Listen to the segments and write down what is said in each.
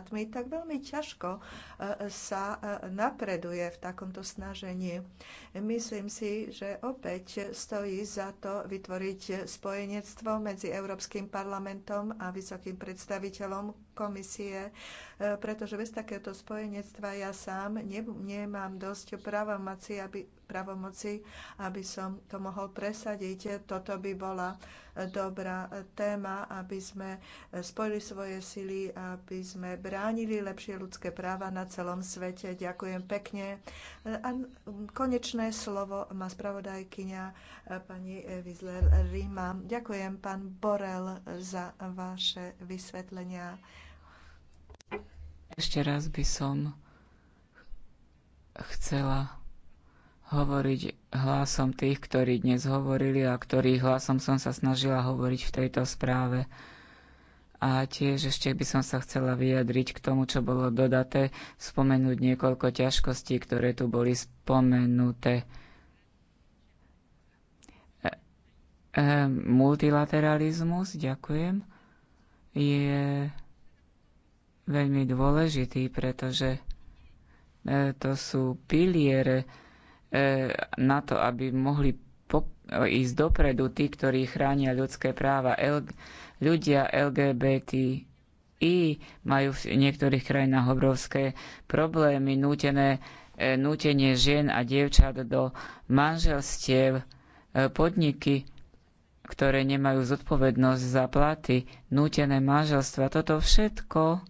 štátmi, tak veľmi ťažko e, sa e, napreduje v takomto snažení. Myslím si, že opäť stojí za to vytvoriť spojenectvo medzi Európskym parlamentom a vysokým predstaviteľom komisie, e, pretože bez takéhoto spojenectva ja sám nemám dosť právomocí, aby pravomoci, aby som to mohol presadiť. Toto by bola eh, dobrá eh, téma, aby sme eh, spojili svoje sily, aby sme bránili lepšie ľudské práva na celom svete. Ďakujem pekne. A konečné slovo má spravodajkyňa pani Vizler Rima. Ďakujem pán Borel za vaše vysvetlenia. Ešte raz by som chcela hovoriť hlasom tých, ktorí dnes hovorili a ktorých hlasom som sa snažila hovoriť v tejto správe. A tiež ešte by som sa chcela vyjadriť k tomu, čo bolo dodaté, spomenúť niekoľko ťažkostí, ktoré tu boli spomenuté. E, e, multilateralizmus, ďakujem, je veľmi dôležitý, pretože e, to sú piliere E, na to, aby mohli ísť dopredu tí, ktorí chránia ľudské práva. L- ľudia LGBTI majú v niektorých krajinách obrovské problémy, nútené, e, nútenie žien a dievčat do manželstiev, e, podniky, ktoré nemajú zodpovednosť za platy, nútené manželstva. Toto všetko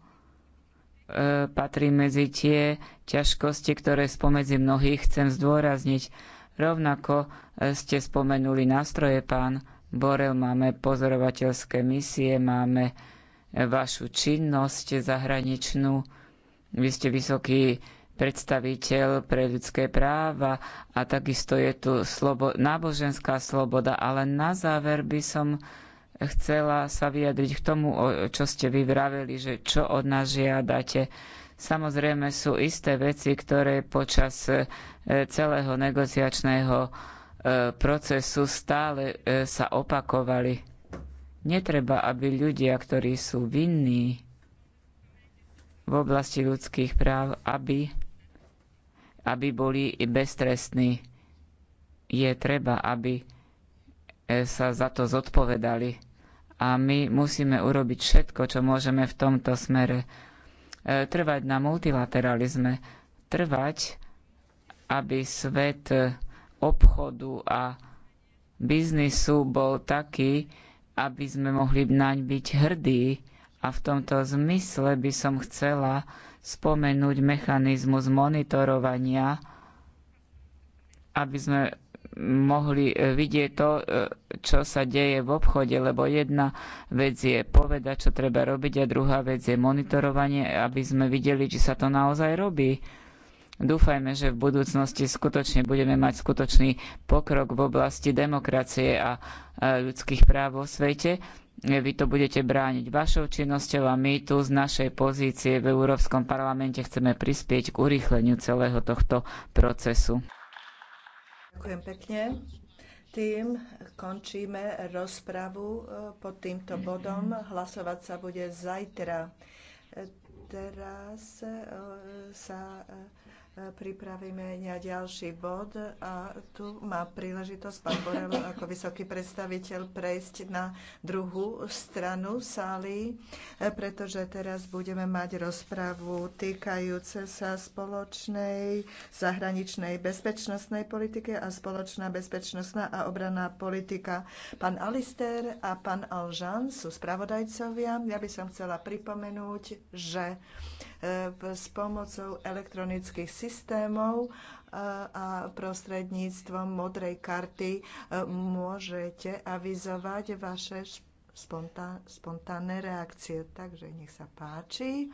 E, patrí medzi tie ťažkosti, ktoré spomedzi mnohých chcem zdôrazniť. Rovnako e, ste spomenuli nástroje, pán Borel, máme pozorovateľské misie, máme e, vašu činnosť zahraničnú. Vy ste vysoký predstaviteľ pre ľudské práva a takisto je tu slobo- náboženská sloboda, ale na záver by som chcela sa vyjadriť k tomu, čo ste vy vraveli, že čo od nás žiadate. Samozrejme sú isté veci, ktoré počas e, celého negociačného e, procesu stále e, sa opakovali. Netreba, aby ľudia, ktorí sú vinní v oblasti ľudských práv, aby, aby boli beztrestní. Je treba, aby sa za to zodpovedali a my musíme urobiť všetko, čo môžeme v tomto smere. E, trvať na multilateralizme, trvať, aby svet obchodu a biznisu bol taký, aby sme mohli naň byť hrdí. A v tomto zmysle by som chcela spomenúť mechanizmus monitorovania, aby sme mohli e, vidieť to, e, čo sa deje v obchode, lebo jedna vec je povedať, čo treba robiť a druhá vec je monitorovanie, aby sme videli, či sa to naozaj robí. Dúfajme, že v budúcnosti skutočne budeme mať skutočný pokrok v oblasti demokracie a ľudských práv vo svete. Vy to budete brániť vašou činnosťou a my tu z našej pozície v Európskom parlamente chceme prispieť k urýchleniu celého tohto procesu. Ďakujem pekne. Tým končíme rozpravu e, pod týmto bodom. Hlasovať sa bude zajtra. E, Teraz e, sa pripravíme na ďalší bod a tu má príležitosť pán Borel ako vysoký predstaviteľ prejsť na druhú stranu sály, pretože teraz budeme mať rozpravu týkajúce sa spoločnej zahraničnej bezpečnostnej politike a spoločná bezpečnostná a obranná politika. Pán Alister a pán Alžan sú spravodajcovia. Ja by som chcela pripomenúť, že s pomocou elektronických systémov e, a prostredníctvom modrej karty e, môžete avizovať vaše spontánne reakcie. Takže nech sa páči.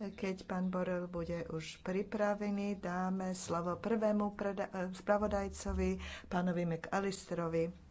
Keď pán Borel bude už pripravený, dáme slovo prvému e, spravodajcovi, pánovi McAllisterovi.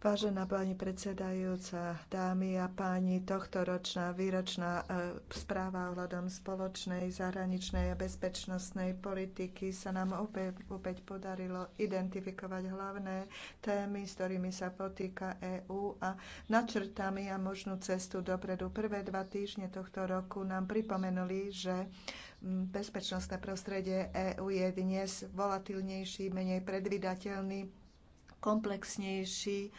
Vážená pani predsedajúca, dámy a páni, ročná výročná e, správa ohľadom spoločnej zahraničnej a bezpečnostnej politiky sa nám opäť, opäť podarilo identifikovať hlavné témy, s ktorými sa potýka EÚ a načrtami a možnú cestu dopredu. Prvé dva týždne tohto roku nám pripomenuli, že bezpečnostné prostredie EÚ je dnes volatilnejší, menej predvydateľný komplexnejší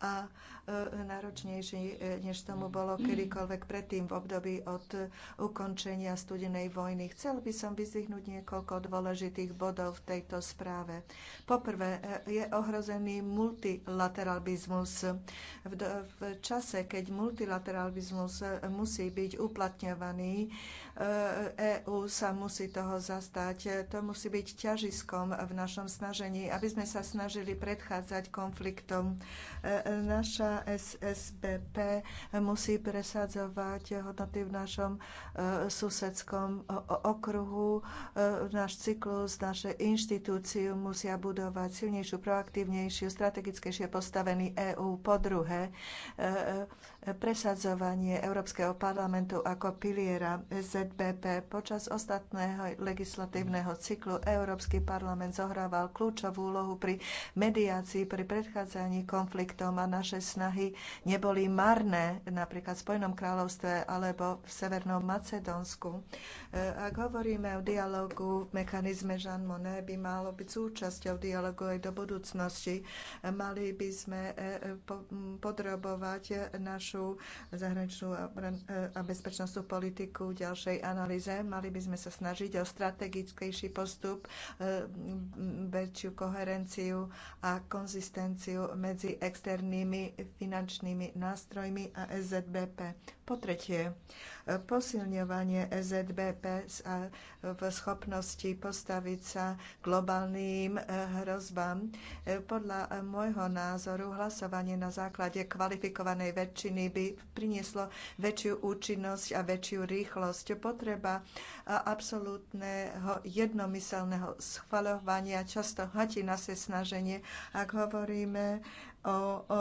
a E, náročnejší, e, než tomu bolo kedykoľvek predtým v období od ukončenia studenej vojny. Chcel by som vyzvihnúť niekoľko dôležitých bodov v tejto správe. Poprvé, e, je ohrozený multilateralizmus. V, v čase, keď multilateralizmus musí byť uplatňovaný, EÚ sa musí toho zastať. To musí byť ťažiskom v našom snažení, aby sme sa snažili predchádzať konfliktom. Naša SSBP musí presadzovať hodnoty v našom e, susedskom e, okruhu. E, náš cyklus, naše inštitúciu musia budovať silnejšiu, proaktívnejšiu, strategickejšie postavený EÚ. Po druhé, presadzovanie Európskeho parlamentu ako piliera ZBP. Počas ostatného legislatívneho cyklu Európsky parlament zohrával kľúčovú úlohu pri mediácii, pri predchádzaní konfliktom a naše snahy snahy neboli marné, napríklad v Spojenom kráľovstve alebo v Severnom Macedónsku. E, ak hovoríme o dialogu, mechanizme Jean Monnet by malo byť súčasťou dialogu aj do budúcnosti. Mali by sme e, e, podrobovať našu zahraničnú a bezpečnostnú politiku ďalšej analýze. Mali by sme sa snažiť o strategickejší postup, väčšiu koherenciu a konzistenciu medzi externými finančnými nástrojmi a SZBP. Po tretie, posilňovanie SZBP v schopnosti postaviť sa globálnym eh, hrozbám. Eh, podľa eh, môjho názoru hlasovanie na základe kvalifikovanej väčšiny by prinieslo väčšiu účinnosť a väčšiu rýchlosť. Potreba absolútneho jednomyselného schvaľovania často hatí na se snaženie, ak hovoríme o, o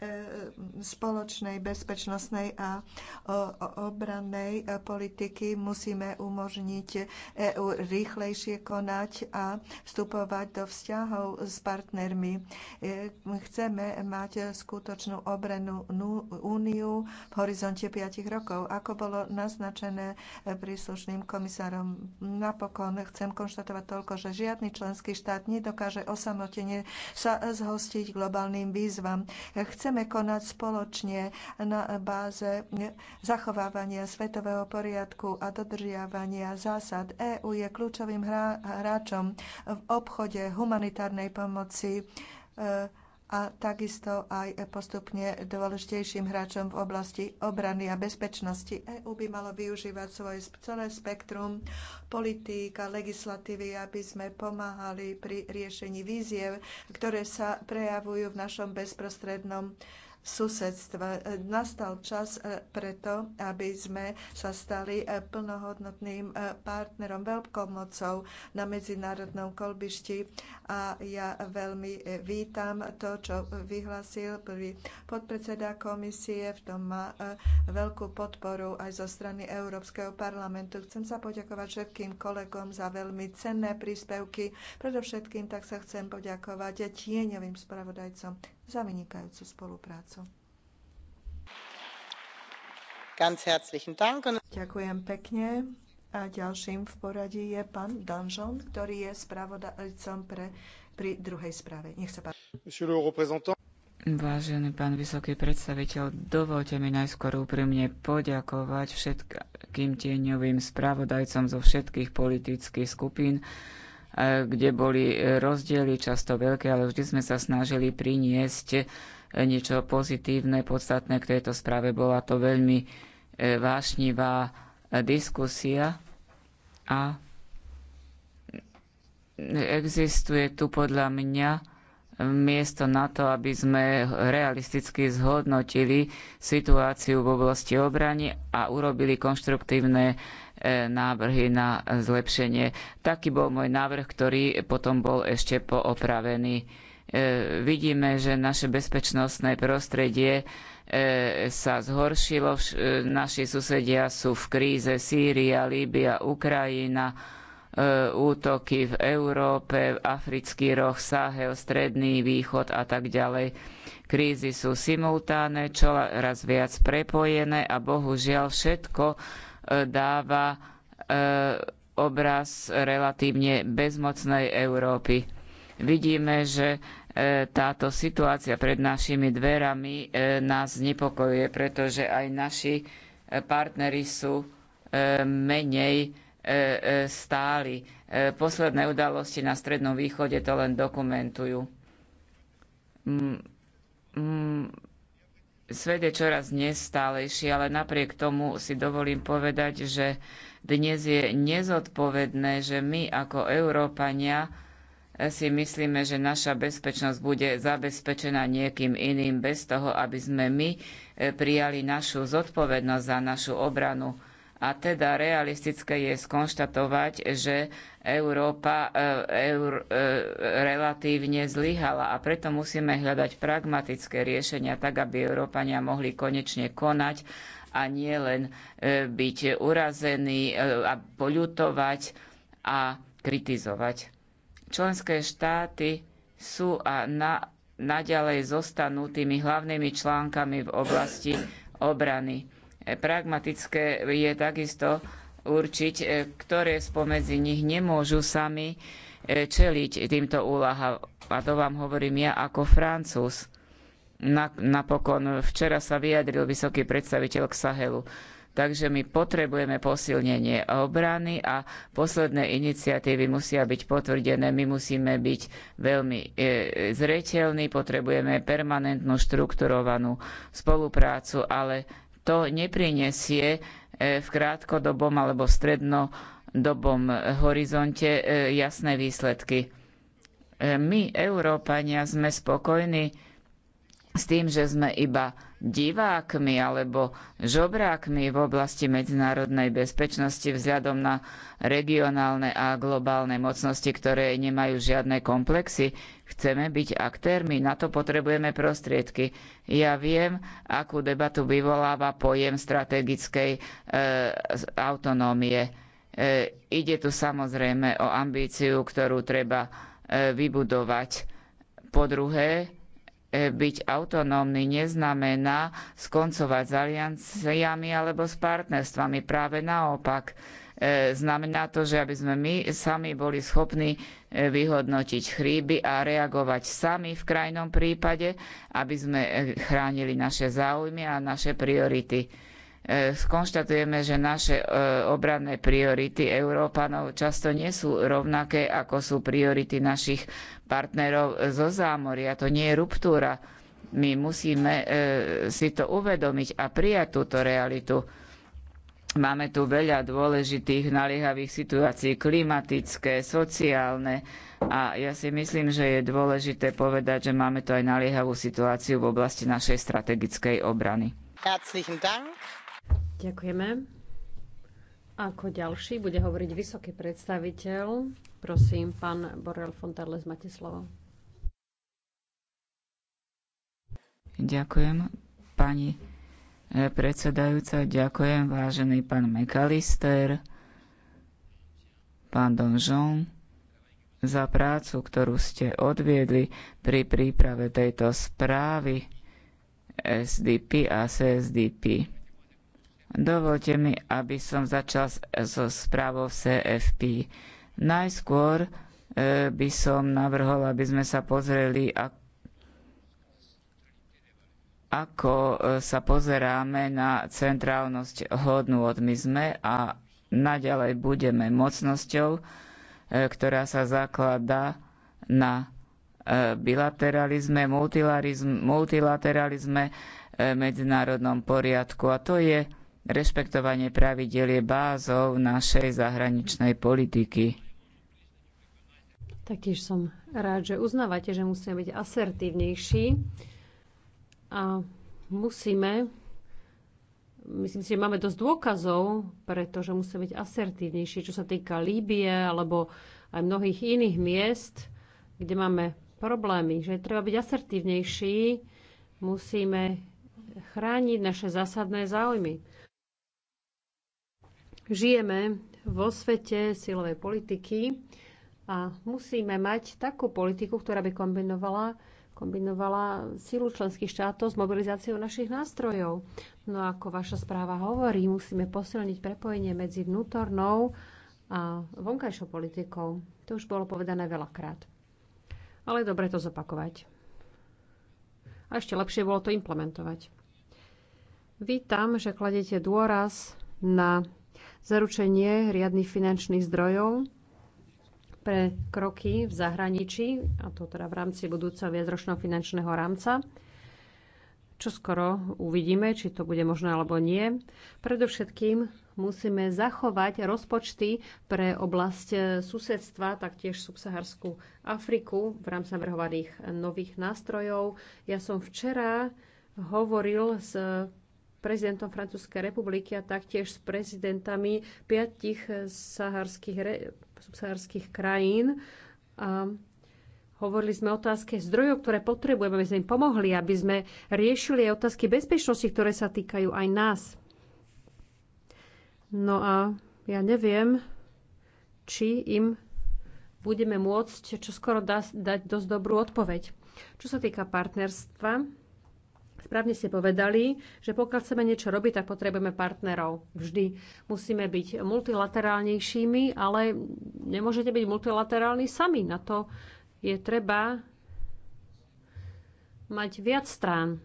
E, spoločnej bezpečnostnej a obrannej politiky musíme umožniť EÚ rýchlejšie konať a vstupovať do vzťahov s partnermi. E, chceme mať skutočnú obrannú úniu v horizonte 5 rokov, ako bolo naznačené e, príslušným komisárom. Napokon chcem konštatovať toľko, že žiadny členský štát nedokáže osamotene sa zhostiť globálnym výzvam. Chcem Chceme konať spoločne na báze zachovávania svetového poriadku a dodržiavania zásad. EÚ je kľúčovým hráčom v obchode humanitárnej pomoci e, a takisto aj postupne dôležitejším hráčom v oblasti obrany a bezpečnosti. EÚ by malo využívať svoje celé spektrum politík a legislatívy, aby sme pomáhali pri riešení víziev, ktoré sa prejavujú v našom bezprostrednom susedstve. Nastal čas e, preto, aby sme sa stali e, plnohodnotným e, partnerom, veľkou mocou na medzinárodnom kolbišti a ja veľmi e, vítam to, čo vyhlasil prvý podpredseda komisie. V tom má e, veľkú podporu aj zo strany Európskeho parlamentu. Chcem sa poďakovať všetkým kolegom za veľmi cenné príspevky. Predovšetkým tak sa chcem poďakovať tieňovým spravodajcom za vynikajúcu spoluprácu. Ďakujem pekne. A ďalším v poradí je pán Danžon, ktorý je spravodajcom pre, pri druhej správe. Nech sa páči. Vážený pán vysoký predstaviteľ, dovolte mi najskôr úprimne poďakovať všetkým tieňovým spravodajcom zo všetkých politických skupín, e, kde boli rozdiely často veľké, ale vždy sme sa snažili priniesť niečo pozitívne, podstatné k tejto správe. Bola to veľmi e, vášnivá diskusia a existuje tu podľa mňa miesto na to, aby sme realisticky zhodnotili situáciu v oblasti obrany a urobili konštruktívne e, návrhy na zlepšenie. Taký bol môj návrh, ktorý potom bol ešte poopravený. E, vidíme, že naše bezpečnostné prostredie E, sa zhoršilo. E, naši susedia sú v kríze Sýria, Líbia, Ukrajina, e, útoky v Európe, Africký roh, Sahel, Stredný východ a tak ďalej. Krízy sú simultáne, čoraz viac prepojené a bohužiaľ všetko dáva obraz relatívne bezmocnej Európy. Vidíme, že E, táto situácia pred našimi dverami e, nás znepokojuje, pretože aj naši e, partnery sú menej stáli. Posledné udalosti na Strednom východe to len dokumentujú. Svet je čoraz nestálejší, ale napriek tomu si dovolím povedať, že dnes je nezodpovedné, že my ako Európania si myslíme, že naša bezpečnosť bude zabezpečená niekým iným bez toho, aby sme my e, prijali našu zodpovednosť za našu obranu. A teda realistické je skonštatovať, že Európa e, eur, e, relatívne zlyhala a preto musíme hľadať pragmatické riešenia tak, aby Európania mohli konečne konať a nie len byť urazení a poľutovať a kritizovať. Členské štáty sú a na, naďalej zostanú tými hlavnými článkami v oblasti obrany. E, pragmatické je takisto určiť, e, ktoré spomedzi nich nemôžu sami e, čeliť týmto úlahám. A to vám hovorím ja ako francúz. Napokon včera sa vyjadril vysoký predstaviteľ k Sahelu. Takže my potrebujeme posilnenie obrany a posledné iniciatívy musia byť potvrdené. My musíme byť veľmi e, zreteľní, potrebujeme permanentnú štrukturovanú spoluprácu, ale to neprinesie e, v krátkodobom alebo v strednodobom horizonte e, jasné výsledky. E, my, Európania, sme spokojní s tým, že sme iba divákmi alebo žobrákmi v oblasti medzinárodnej bezpečnosti vzhľadom na regionálne a globálne mocnosti, ktoré nemajú žiadne komplexy. Chceme byť aktérmi, na to potrebujeme prostriedky. Ja viem, akú debatu vyvoláva pojem strategickej e, autonómie. E, ide tu samozrejme o ambíciu, ktorú treba e, vybudovať. Po druhé, E, byť autonómny neznamená skoncovať s alianciami alebo s partnerstvami. Práve naopak, e, znamená to, že aby sme my sami boli schopní e, vyhodnotiť chríby a reagovať sami v krajnom prípade, aby sme chránili naše záujmy a naše priority E, skonštatujeme, že naše e, obranné priority Európanov často nie sú rovnaké, ako sú priority našich partnerov zo zámoria. To nie je ruptúra. My musíme e, si to uvedomiť a prijať túto realitu. Máme tu veľa dôležitých naliehavých situácií, klimatické, sociálne a ja si myslím, že je dôležité povedať, že máme tu aj naliehavú situáciu v oblasti našej strategickej obrany. Herzlichen Dank. Ďakujeme. Ako ďalší bude hovoriť vysoký predstaviteľ. Prosím, pán Borel Fontarles, máte slovo. Ďakujem, pani eh, predsedajúca. Ďakujem, vážený pán McAllister, pán Donžon, za prácu, ktorú ste odviedli pri príprave tejto správy SDP a CSDP Dovolte mi, aby som začal so správou CFP. Najskôr e, by som navrhol, aby sme sa pozreli, ako e, sa pozeráme na centrálnosť hodnú My sme a naďalej budeme mocnosťou, e, ktorá sa zakladá na bilateralizme, multilateralizme, medzinárodnom poriadku. A to je Rešpektovanie pravidel je bázou našej zahraničnej politiky. Taktiež som rád, že uznávate, že musíme byť asertívnejší a musíme, myslím si, že máme dosť dôkazov, pretože musíme byť asertívnejší, čo sa týka Líbie alebo aj mnohých iných miest, kde máme problémy. Že treba byť asertívnejší, musíme chrániť naše zásadné záujmy. Žijeme vo svete silovej politiky a musíme mať takú politiku, ktorá by kombinovala kombinovala silu členských štátov s mobilizáciou našich nástrojov. No ako vaša správa hovorí, musíme posilniť prepojenie medzi vnútornou a vonkajšou politikou. To už bolo povedané veľakrát. Ale je dobre to zopakovať. A ešte lepšie bolo to implementovať. Vítam, že kladete dôraz na zaručenie riadnych finančných zdrojov pre kroky v zahraničí, a to teda v rámci budúceho viacročného finančného rámca. Čo skoro uvidíme, či to bude možné alebo nie. Predovšetkým musíme zachovať rozpočty pre oblasť susedstva, taktiež subsaharskú Afriku v rámci navrhovaných nových nástrojov. Ja som včera hovoril s prezidentom Francúzskej republiky a taktiež s prezidentami piatich saharských, re, subsaharských krajín. A hovorili sme o otázke zdrojov, ktoré potrebujeme, aby sme im pomohli, aby sme riešili aj otázky bezpečnosti, ktoré sa týkajú aj nás. No a ja neviem, či im budeme môcť čoskoro dať dosť dobrú odpoveď. Čo sa týka partnerstva, Správne ste povedali, že pokiaľ chceme niečo robiť, tak potrebujeme partnerov. Vždy musíme byť multilaterálnejšími, ale nemôžete byť multilaterálni sami. Na to je treba mať viac strán.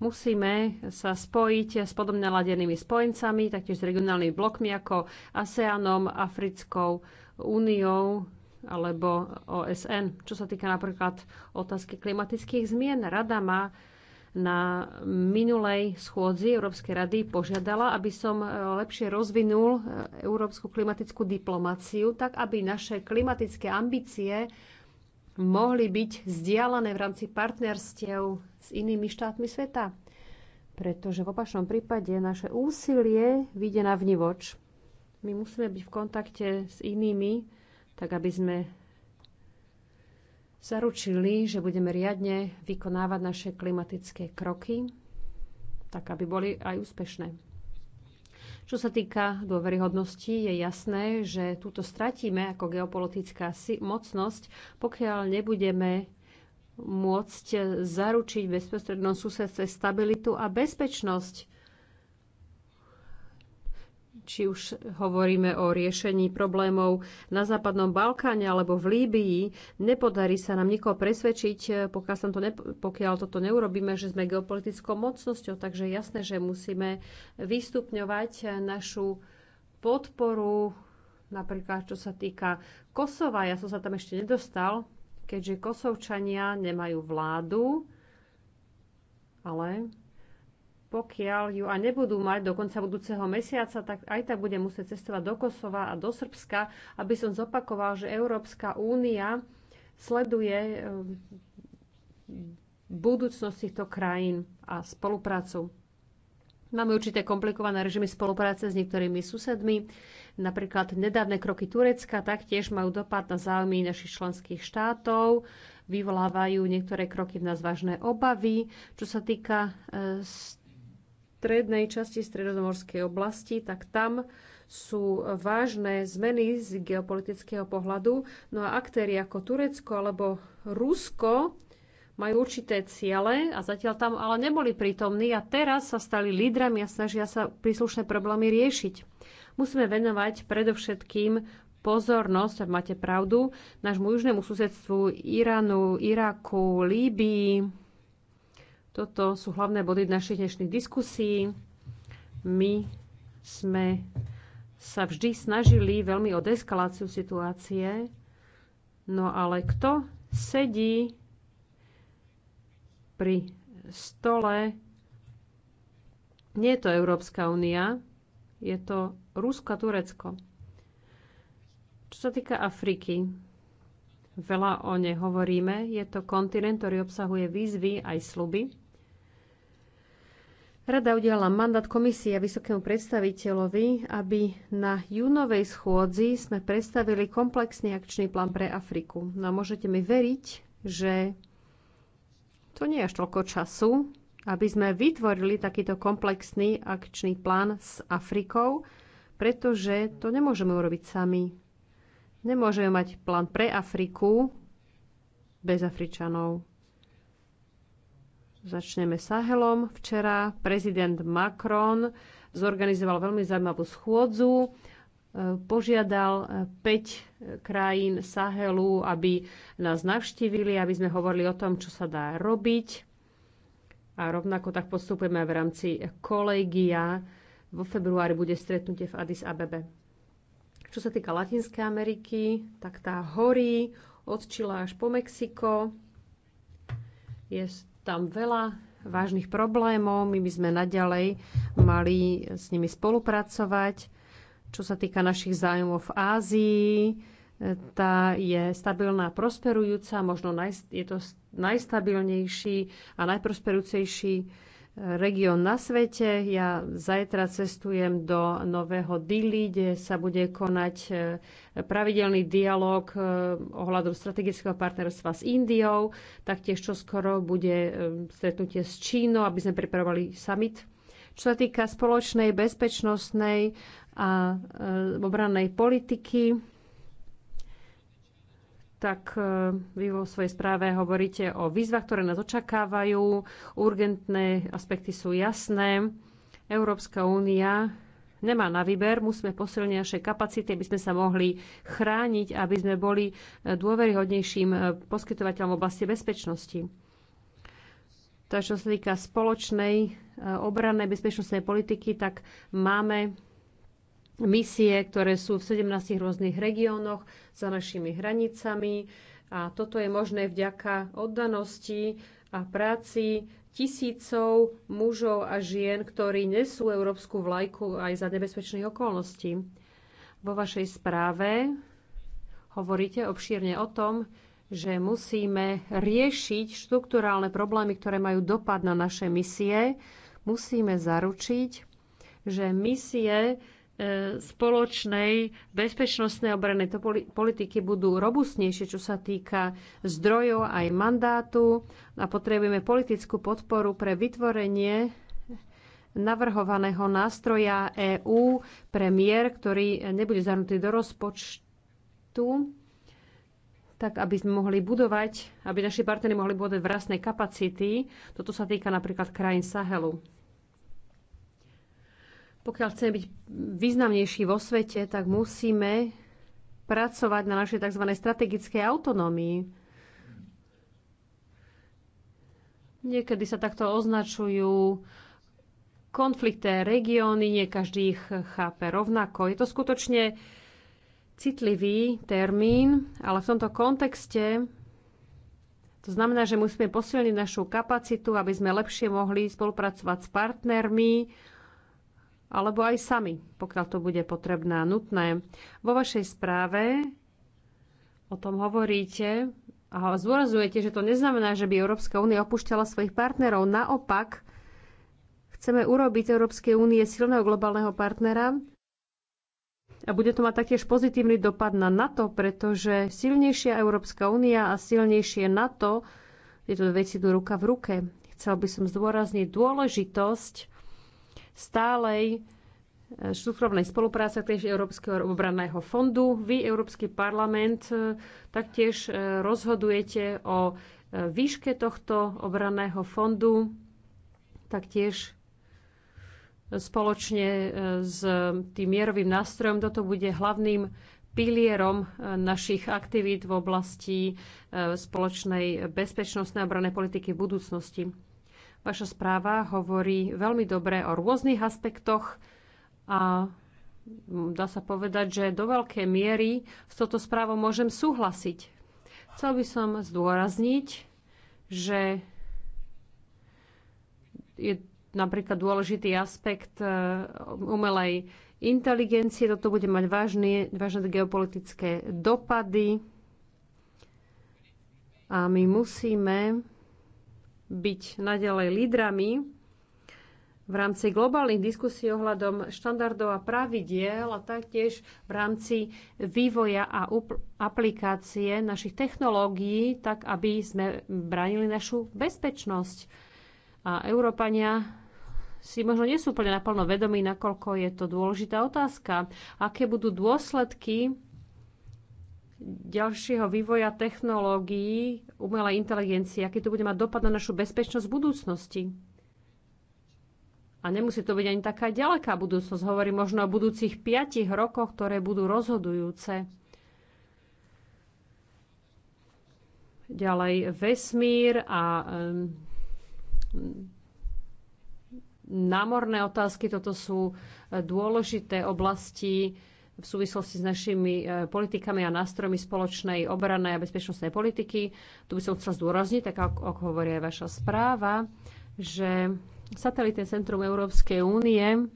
Musíme sa spojiť s podobne ladenými spojencami, taktiež s regionálnymi blokmi ako ASEANom, Africkou úniou, alebo OSN. Čo sa týka napríklad otázky klimatických zmien, rada má na minulej schôdzi Európskej rady požiadala, aby som e, lepšie rozvinul e, európsku klimatickú diplomáciu, tak aby naše klimatické ambície mohli byť vzdialené v rámci partnerstiev s inými štátmi sveta. Pretože v opačnom prípade naše úsilie vyjde na vnivoč. My musíme byť v kontakte s inými tak aby sme zaručili, že budeme riadne vykonávať naše klimatické kroky, tak aby boli aj úspešné. Čo sa týka dôveryhodnosti, je jasné, že túto stratíme ako geopolitická mocnosť, pokiaľ nebudeme môcť zaručiť bezprostrednom susedstve stabilitu a bezpečnosť či už hovoríme o riešení problémov na Západnom Balkáne alebo v Líbii, nepodarí sa nám nikoho presvedčiť, pokiaľ, to ne, pokiaľ toto neurobíme, že sme geopolitickou mocnosťou. Takže jasné, že musíme vystupňovať našu podporu, napríklad čo sa týka Kosova. Ja som sa tam ešte nedostal, keďže Kosovčania nemajú vládu, ale pokiaľ ju aj nebudú mať do konca budúceho mesiaca, tak aj tak bude musieť cestovať do Kosova a do Srbska, aby som zopakoval, že Európska únia sleduje ehm, budúcnosť týchto krajín a spoluprácu. Máme určité komplikované režimy spolupráce s niektorými susedmi. Napríklad nedávne kroky Turecka taktiež majú dopad na záujmy našich členských štátov, vyvolávajú niektoré kroky v nás vážne obavy. Čo sa týka e, strednej časti stredozemorskej oblasti, tak tam sú vážne zmeny z geopolitického pohľadu. No a aktéry ako Turecko alebo Rusko majú určité ciele a zatiaľ tam ale neboli prítomní a teraz sa stali lídrami a snažia sa príslušné problémy riešiť. Musíme venovať predovšetkým pozornosť, ak máte pravdu, nášmu južnému susedstvu Iránu, Iraku, Líbii, toto sú hlavné body našich dnešných diskusí. My sme sa vždy snažili veľmi o deskaláciu situácie, no ale kto sedí pri stole, nie je to Európska únia, je to Rusko a Turecko. Čo sa týka Afriky, veľa o nej hovoríme. Je to kontinent, ktorý obsahuje výzvy aj sluby. Rada udiala mandát komisie a vysokému predstaviteľovi, aby na júnovej schôdzi sme predstavili komplexný akčný plán pre Afriku. No a môžete mi veriť, že to nie je až toľko času, aby sme vytvorili takýto komplexný akčný plán s Afrikou, pretože to nemôžeme urobiť sami. Nemôžeme mať plán pre Afriku bez Afričanov. Začneme Sahelom. Včera prezident Macron zorganizoval veľmi zaujímavú schôdzu. E, požiadal 5 e, krajín Sahelu, aby nás navštívili, aby sme hovorili o tom, čo sa dá robiť. A rovnako tak postupujeme v rámci kolegia. Vo februári bude stretnutie v Addis Abebe. Čo sa týka Latinskej Ameriky, tak tá horí od Čila až po Mexiko. Je tam veľa vážnych problémov. My by sme naďalej mali s nimi spolupracovať. Čo sa týka našich zájmov v Ázii, tá je stabilná a prosperujúca, možno je to najstabilnejší a najprosperujúcejší región na svete. Ja zajtra cestujem do Nového Dili, kde sa bude konať e, pravidelný dialog e, ohľadom strategického partnerstva s Indiou. Taktiež čo skoro bude e, stretnutie s Čínou, aby sme pripravovali summit. Čo sa týka spoločnej bezpečnostnej a obrannej politiky, tak e, vy vo svojej správe hovoríte o výzvach, ktoré nás očakávajú. Urgentné aspekty sú jasné. Európska únia nemá na výber. Musíme posilniť naše kapacity, aby sme sa mohli chrániť, aby sme boli e, dôveryhodnejším e, poskytovateľom v oblasti bezpečnosti. Takže čo sa týka spoločnej obrannej bezpečnostnej politiky, tak máme misie, ktoré sú v 17 rôznych regiónoch za našimi hranicami. A toto je možné vďaka oddanosti a práci tisícov mužov a žien, ktorí nesú európsku vlajku aj za nebezpečných okolností. Vo vašej správe hovoríte obšírne o tom, že musíme riešiť štruktúrálne problémy, ktoré majú dopad na naše misie. Musíme zaručiť, že misie E, spoločnej bezpečnostnej obranej politiky budú robustnejšie, čo sa týka zdrojov aj mandátu a potrebujeme politickú podporu pre vytvorenie navrhovaného nástroja EÚ pre mier, ktorý nebude zahrnutý do rozpočtu, tak aby sme mohli budovať, aby naši partnery mohli budovať vlastné kapacity. Toto sa týka napríklad krajín Sahelu. Pokiaľ chceme byť významnejší vo svete, tak musíme pracovať na našej tzv. strategickej autonómii. Niekedy sa takto označujú konflikté regióny, nie každý ich chápe rovnako. Je to skutočne citlivý termín, ale v tomto kontexte to znamená, že musíme posilniť našu kapacitu, aby sme lepšie mohli spolupracovať s partnermi, alebo aj sami, pokiaľ to bude potrebné a nutné. Vo vašej správe o tom hovoríte a zdôrazujete, že to neznamená, že by Európska únia opúšťala svojich partnerov. Naopak, chceme urobiť Európskej únie silného globálneho partnera a bude to mať taktiež pozitívny dopad na NATO, pretože silnejšia Európska únia a silnejšie NATO tieto veci idú ruka v ruke. Chcel by som zdôrazniť dôležitosť stálej e, štruktúrovnej spolupráce, tiež Európskeho obranného fondu. Vy, Európsky parlament, e, taktiež e, rozhodujete o výške tohto obranného fondu, taktiež spoločne s tým mierovým nástrojom. Toto bude hlavným pilierom našich aktivít v oblasti spoločnej bezpečnostnej a obranej politiky v budúcnosti. Vaša správa hovorí veľmi dobre o rôznych aspektoch a dá sa povedať, že do veľkej miery s touto správou môžem súhlasiť. Chcel by som zdôrazniť, že je napríklad dôležitý aspekt e, umelej inteligencie. Toto bude mať vážne, vážne geopolitické dopady. A my musíme byť naďalej lídrami v rámci globálnych diskusí ohľadom štandardov a pravidiel a taktiež v rámci vývoja a aplikácie našich technológií, tak aby sme bránili našu bezpečnosť. A Európania si možno nie sú úplne naplno vedomí, nakoľko je to dôležitá otázka. Aké budú dôsledky ďalšieho vývoja technológií umelej inteligencie, aký to bude mať dopad na našu bezpečnosť v budúcnosti. A nemusí to byť ani taká ďaleká budúcnosť. Hovorí možno o budúcich piatich rokoch, ktoré budú rozhodujúce. Ďalej vesmír a um, námorné otázky. Toto sú e, dôležité oblasti v súvislosti s našimi e, politikami a nástrojmi spoločnej obranej a bezpečnostnej politiky. Tu by som chcela zdôrazniť, tak ako, ako hovorí aj vaša správa, že satelitné centrum Európskej únie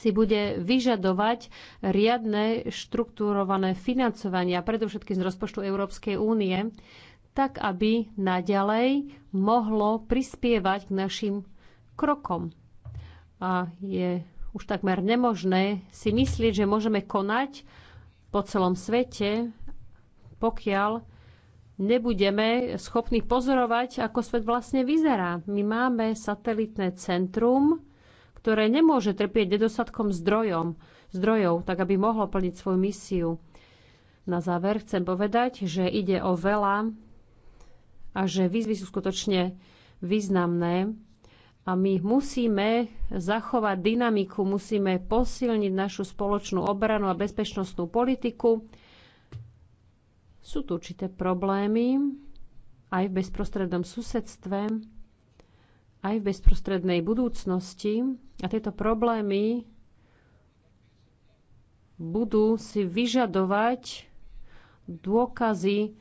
si bude vyžadovať riadne štruktúrované financovanie, predovšetkým z rozpočtu Európskej únie, tak aby naďalej mohlo prispievať k našim krokom. A je už takmer nemožné si myslieť, že môžeme konať po celom svete, pokiaľ nebudeme schopní pozorovať, ako svet vlastne vyzerá. My máme satelitné centrum, ktoré nemôže trpieť nedostatkom zdrojom, zdrojov, tak aby mohlo plniť svoju misiu. Na záver chcem povedať, že ide o veľa a že výzvy sú skutočne významné. A my musíme zachovať dynamiku, musíme posilniť našu spoločnú obranu a bezpečnostnú politiku. Sú tu určité problémy aj v bezprostrednom susedstve, aj v bezprostrednej budúcnosti. A tieto problémy budú si vyžadovať dôkazy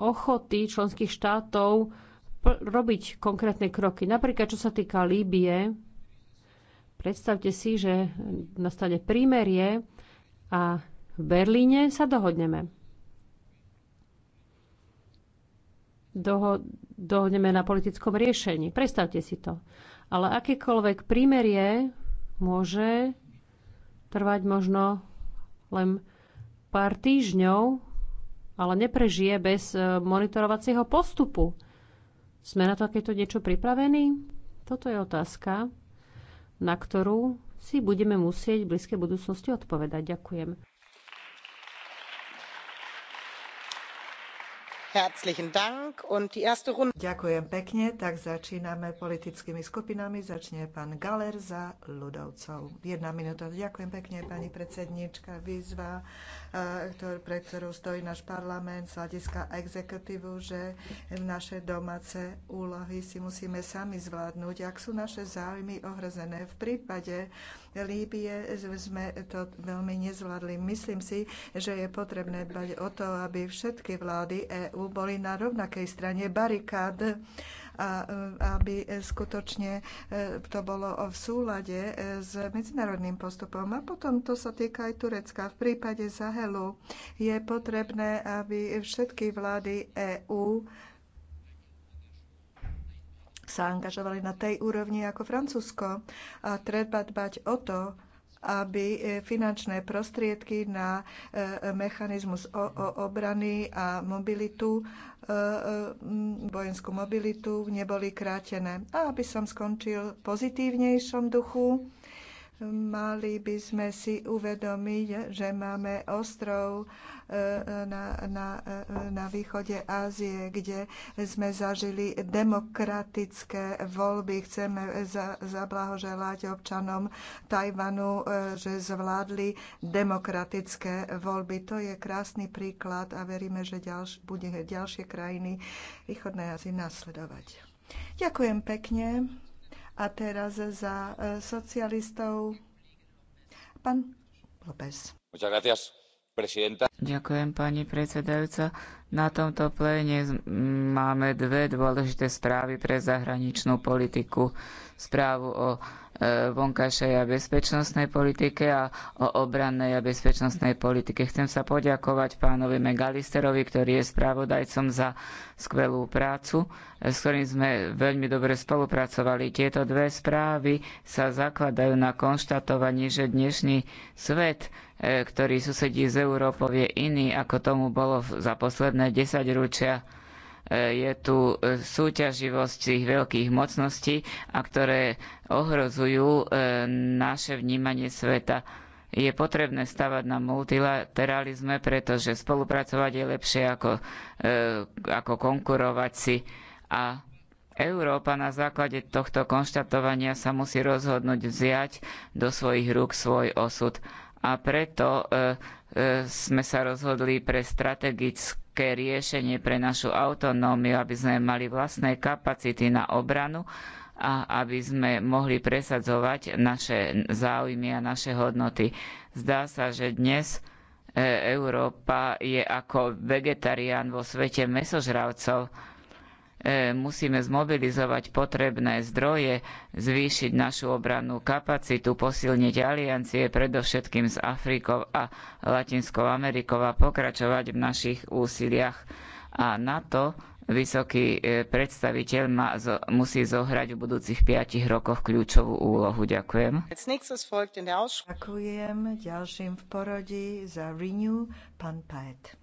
ochoty členských štátov robiť konkrétne kroky. Napríklad, čo sa týka Líbie, predstavte si, že nastane prímerie a v Berlíne sa dohodneme. Doho- dohodneme na politickom riešení. Predstavte si to. Ale akékoľvek prímerie môže trvať možno len pár týždňov, ale neprežije bez eh, monitorovacieho postupu. Sme na takéto niečo pripravení? Toto je otázka, na ktorú si budeme musieť v blízkej budúcnosti odpovedať. Ďakujem. Ďakujem pekne, tak začíname politickými skupinami. Začne pán Galer za ľudovcov. Jedna minúta. Ďakujem pekne, pani predsedníčka Výzva, pre eh, ktorú stojí náš parlament z hľadiska exekutívu, že naše domáce úlohy si musíme sami zvládnuť, ak sú naše záujmy ohrozené. V prípade Líbie sme to veľmi nezvládli. Myslím si, že je potrebné dbať o to, aby všetky vlády EÚ boli na rovnakej strane barikád a e, aby skutočne e, to bolo v súlade e, s medzinárodným postupom. A potom to sa týka aj Turecka. V prípade zahelu je potrebné, aby všetky vlády EÚ sa angažovali na tej úrovni ako Francúzsko. A treba dbať o to, aby e, finančné prostriedky na e, mechanizmus obrany a mobilitu, e, vojenskú mobilitu neboli krátené. A aby som skončil pozitívnejšom duchu, Mali by sme si uvedomiť, že máme ostrov e, na, na, na východe Ázie, kde sme zažili demokratické voľby. Chceme za, zablahoželať občanom Tajvanu, e, že zvládli demokratické voľby. To je krásny príklad a veríme, že ďalš, bude ďalšie krajiny východnej Ázie nasledovať. Ďakujem pekne. A teraz za e, socialistov pán López. Ďakujem, pani predsedajúca. Na tomto pléne máme dve dôležité správy pre zahraničnú politiku správu o e, vonkajšej a bezpečnostnej politike a o obrannej a bezpečnostnej politike. Chcem sa poďakovať pánovi Megalisterovi, ktorý je správodajcom za skvelú prácu, e, s ktorým sme veľmi dobre spolupracovali. Tieto dve správy sa zakladajú na konštatovaní, že dnešný svet, e, ktorý susedí s Európou, je iný, ako tomu bolo za posledné desaťročia. ručia je tu e, súťaživosť tých veľkých mocností a ktoré ohrozujú e, naše vnímanie sveta. Je potrebné stavať na multilateralizme, pretože spolupracovať je lepšie ako, e, ako konkurovať si. A Európa na základe tohto konštatovania sa musí rozhodnúť vziať do svojich rúk svoj osud. A preto E, sme sa rozhodli pre strategické riešenie pre našu autonómiu, aby sme mali vlastné kapacity na obranu a aby sme mohli presadzovať naše záujmy a naše hodnoty. Zdá sa, že dnes e, Európa je ako vegetarián vo svete mesožravcov E, musíme zmobilizovať potrebné zdroje, zvýšiť našu obrannú kapacitu, posilniť aliancie predovšetkým s Afrikou a Latinskou Amerikou a pokračovať v našich úsiliach. A na to vysoký e, predstaviteľ musí zohrať v budúcich piatich rokoch kľúčovú úlohu. Ďakujem. Ďakujem. Ďalším v poradí za Renew, pán Paet.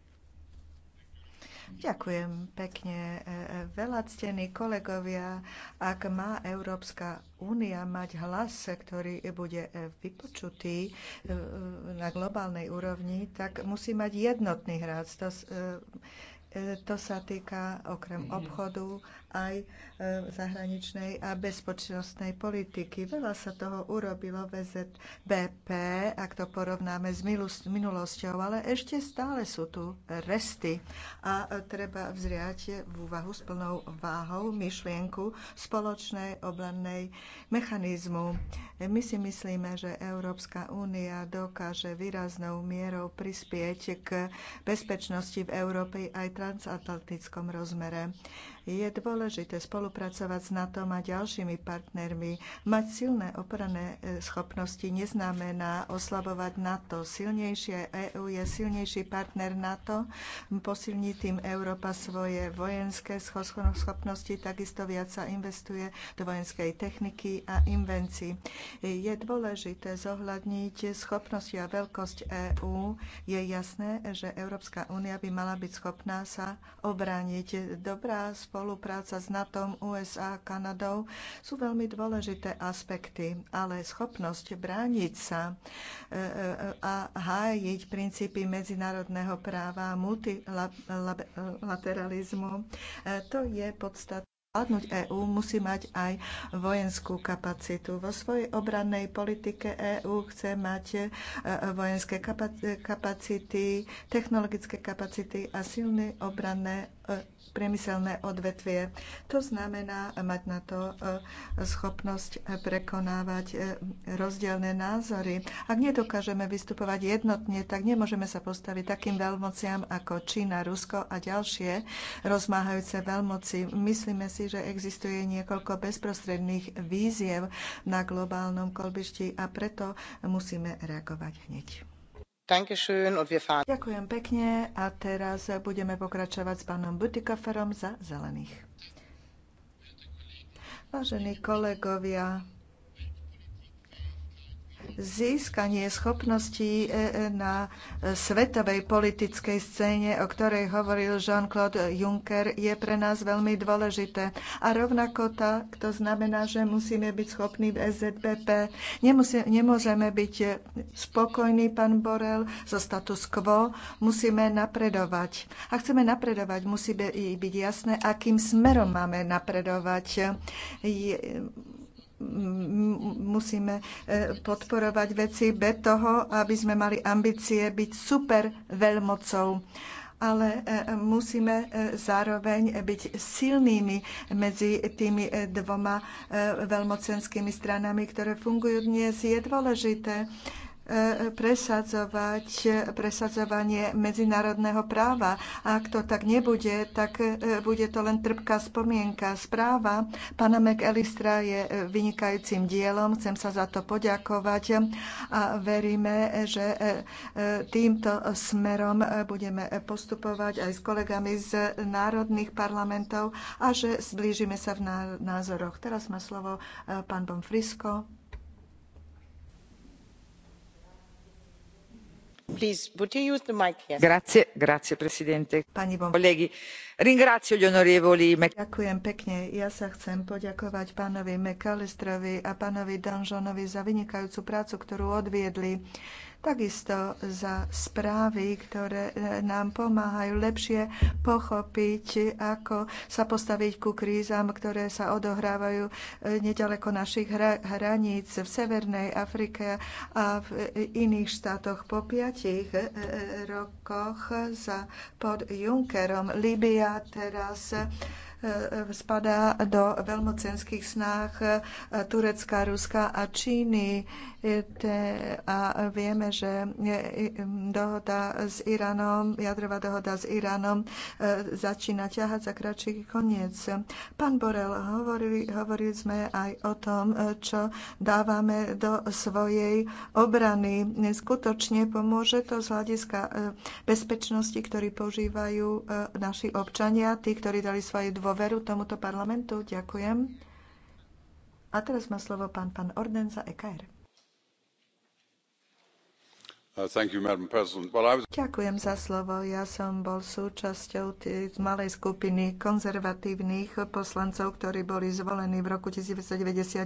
Ďakujem pekne. E, e, veľa ctení kolegovia, ak má Európska únia mať hlas, ktorý bude e, vypočutý na globálnej úrovni, tak musí mať jednotný hlas. To, to sa týka okrem mhm. obchodu aj e, zahraničnej a bezpočnostnej politiky. Veľa sa toho urobilo VZBP, ak to porovnáme s minulosťou, ale ešte stále sú tu resty a e, treba vzriať v úvahu s plnou váhou myšlienku spoločnej obrannej mechanizmu. My si myslíme, že Európska únia dokáže výraznou mierou prispieť k bezpečnosti v Európe aj transatlantickom rozmere. Je dôležité spolupracovať s NATO a ďalšími partnermi. Mať silné obrané e, schopnosti neznamená oslabovať NATO. Silnejšie EÚ je silnejší partner NATO, posilní tým Európa svoje vojenské schopnosti, takisto viac sa investuje do vojenskej techniky a invencií. Je dôležité zohľadniť schopnosti a veľkosť EÚ. Je jasné, že Európska únia by mala byť schopná sa obrániť. Dobrá spoločnosť spolupráca s NATO, USA, a Kanadou sú veľmi dôležité aspekty, ale schopnosť brániť sa e, e, a hájiť princípy medzinárodného práva a multilateralizmu, e, to je podstatné Vládnuť EÚ musí mať aj vojenskú kapacitu. Vo svojej obrannej politike EÚ chce mať vojenské kapacity, technologické kapacity a silné obranné priemyselné odvetvie. To znamená mať na to e, schopnosť prekonávať e, rozdielne názory. Ak nedokážeme vystupovať jednotne, tak nemôžeme sa postaviť takým veľmociam ako Čína, Rusko a ďalšie rozmáhajúce veľmoci. Myslíme si, že existuje niekoľko bezprostredných víziev na globálnom kolbišti a preto musíme reagovať hneď. Ďakujem pekne a teraz budeme pokračovať s pánom Butikoferom za zelených. Vážení kolegovia, získanie schopností e, e, na svetovej politickej scéne, o ktorej hovoril Jean-Claude Juncker, je pre nás veľmi dôležité. A rovnako tak to znamená, že musíme byť schopní v SZPP. Nemusí, nemôžeme byť spokojní, pán Borel, so status quo. Musíme napredovať. A chceme napredovať, musí byť jasné, akým smerom máme napredovať. Je, musíme e, podporovať veci bez toho, aby sme mali ambície byť super veľmocou ale e, musíme e, zároveň byť silnými medzi tými dvoma veľmocenskými stranami, ktoré fungujú dnes. Je dôležité, presadzovať presadzovanie medzinárodného práva. A ak to tak nebude, tak e, bude to len trpká spomienka. Správa pána McAllistera je e, vynikajúcim dielom. Chcem sa za to poďakovať a veríme, že e, týmto smerom budeme postupovať aj s kolegami z národných parlamentov a že zblížime sa v názoroch. Teraz má slovo pán Bonfrisko. Please, mic, ďakujem pekne ja sa chcem poďakovať pánovi mcallisterovi a pánovi danjeanovi za vynikajúcu prácu ktorú odviedli takisto za správy, ktoré e, nám pomáhajú lepšie pochopiť, ako sa postaviť ku krízam, ktoré sa odohrávajú e, nedaleko našich hraníc v Severnej Afrike a v e, iných štátoch. Po piatich rokoch za, pod Junckerom Libia teraz spadá do veľmocenských snách Turecka, Ruska a Číny a vieme, že e, dohoda s Iránom, jadrová dohoda s Iránom e, začína ťahať za kratší koniec. Pán Borel, hovorili, hovorili sme aj o tom, e, čo dávame do svojej obrany. Skutočne pomôže to z hľadiska bezpečnosti, ktorý používajú naši občania, tí, ktorí dali svoju dôveru tomuto parlamentu. Ďakujem. A teraz má slovo pán, pán Orden za EKR. Uh, Ďakujem za slovo. Ja som bol súčasťou tej malej skupiny konzervatívnych poslancov, ktorí boli zvolení v roku 1999,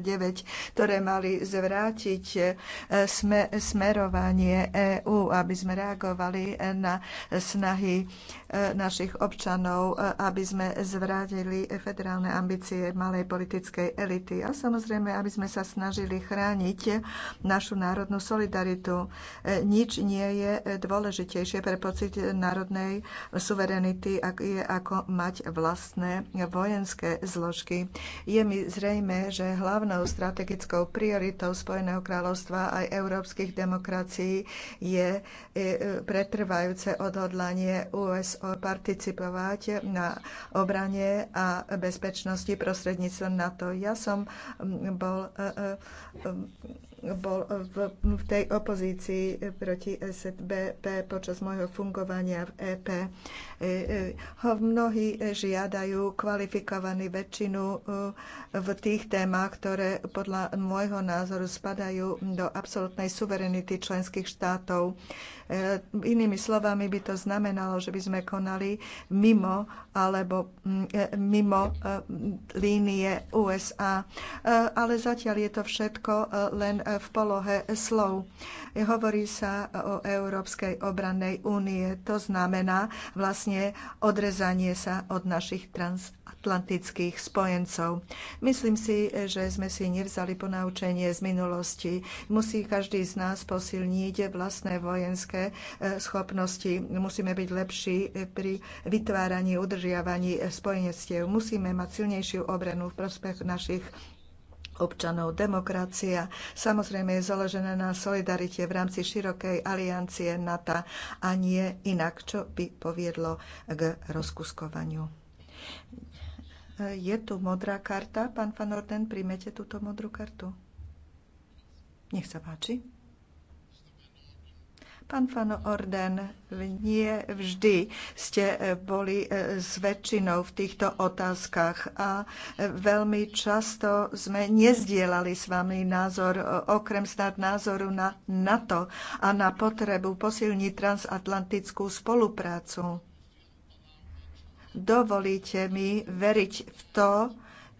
ktoré mali zvrátiť eh, sme, smerovanie EÚ, aby sme reagovali eh, na snahy eh, našich občanov, aby sme zvrátili federálne ambície malej politickej elity a samozrejme, aby sme sa snažili chrániť našu národnú solidaritu. Nie nič nie je dôležitejšie pre pocit národnej suverenity, ak je ako mať vlastné vojenské zložky. Je mi zrejme, že hlavnou strategickou prioritou Spojeného kráľovstva aj európskych demokracií je e, pretrvajúce odhodlanie USO participovať na obrane a bezpečnosti prostredníctvom NATO. Ja som bol e, e, bol e, v, v tej opozícii proti SBP počas môjho fungovania v EP. E, e, ho mnohí žiadajú kvalifikovanú väčšinu v tých témach, ktoré podľa môjho názoru spadajú do absolútnej suverenity členských štátov. E, inými slovami by to znamenalo, že by sme konali mimo alebo e, mimo e, línie USA. Ale zatiaľ je to všetko len v polohe slov. Hovorí sa o Európskej obrannej únie. To znamená vlastne odrezanie sa od našich transatlantických spojencov. Myslím si, že sme si nevzali ponaučenie z minulosti. Musí každý z nás posilniť vlastné vojenské podnikateľské e, schopnosti. Musíme byť lepší e, pri vytváraní, udržiavaní e, spojenectiev. Musíme mať silnejšiu obranu v prospech našich občanov. Demokracia samozrejme je založená na solidarite v rámci širokej aliancie NATO a nie inak, čo by poviedlo k rozkuskovaniu. Je tu modrá karta. Pán Van príjmete túto modrú kartu? Nech sa páči. Pán Fan Orden, nie vždy ste e, boli e, s väčšinou v týchto otázkach a e, veľmi často sme nezdielali s vami názor, okrem snad názoru na NATO a na potrebu posilniť transatlantickú spoluprácu. Dovolíte mi veriť v to,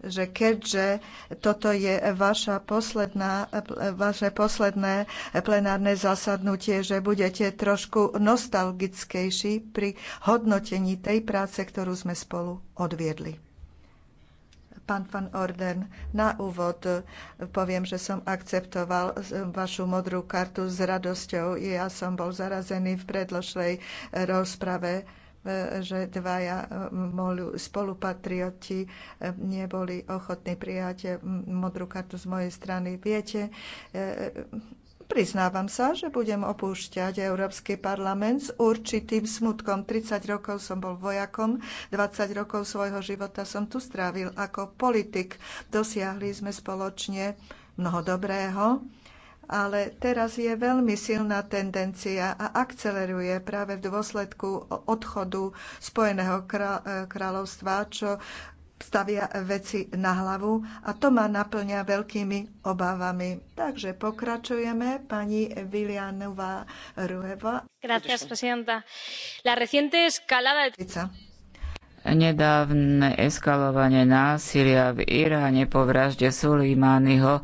že keďže toto je vaša posledná, vaše posledné plenárne zasadnutie, že budete trošku nostalgickejší pri hodnotení tej práce, ktorú sme spolu odviedli. Pán Van Orden, na úvod poviem, že som akceptoval vašu modrú kartu s radosťou. Ja som bol zarazený v predložnej rozprave E, že dvaja e, spolupatrioti e, neboli ochotní prijať modrú kartu z mojej strany. Viete, Priznávam sa, že budem opúšťať Európsky parlament s určitým smutkom. 30 rokov som bol vojakom, 20 rokov svojho života som tu strávil ako politik. Dosiahli sme spoločne mnoho dobrého ale teraz je veľmi silná tendencia a akceleruje práve v dôsledku odchodu Spojeného eh, kráľovstva, čo stavia veci na hlavu a to ma naplňa veľkými obávami. Takže pokračujeme. Pani Vilianová Rueva. Gracias, presidenta. La reciente escalada... Nedávne eskalovanie násilia v Iráne po vražde Sulejmányho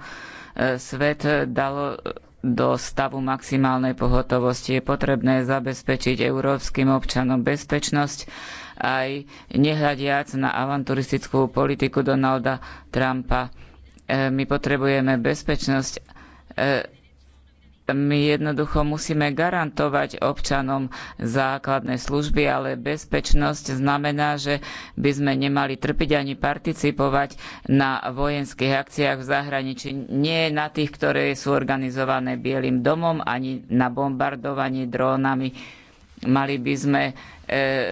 svet dalo do stavu maximálnej pohotovosti. Je potrebné zabezpečiť európskym občanom bezpečnosť aj nehľadiac na avanturistickú politiku Donalda Trumpa. E, my potrebujeme bezpečnosť e, my jednoducho musíme garantovať občanom základné služby, ale bezpečnosť znamená, že by sme nemali trpiť ani participovať na vojenských akciách v zahraničí. Nie na tých, ktoré sú organizované Bielým domom, ani na bombardovaní drónami. Mali by sme e,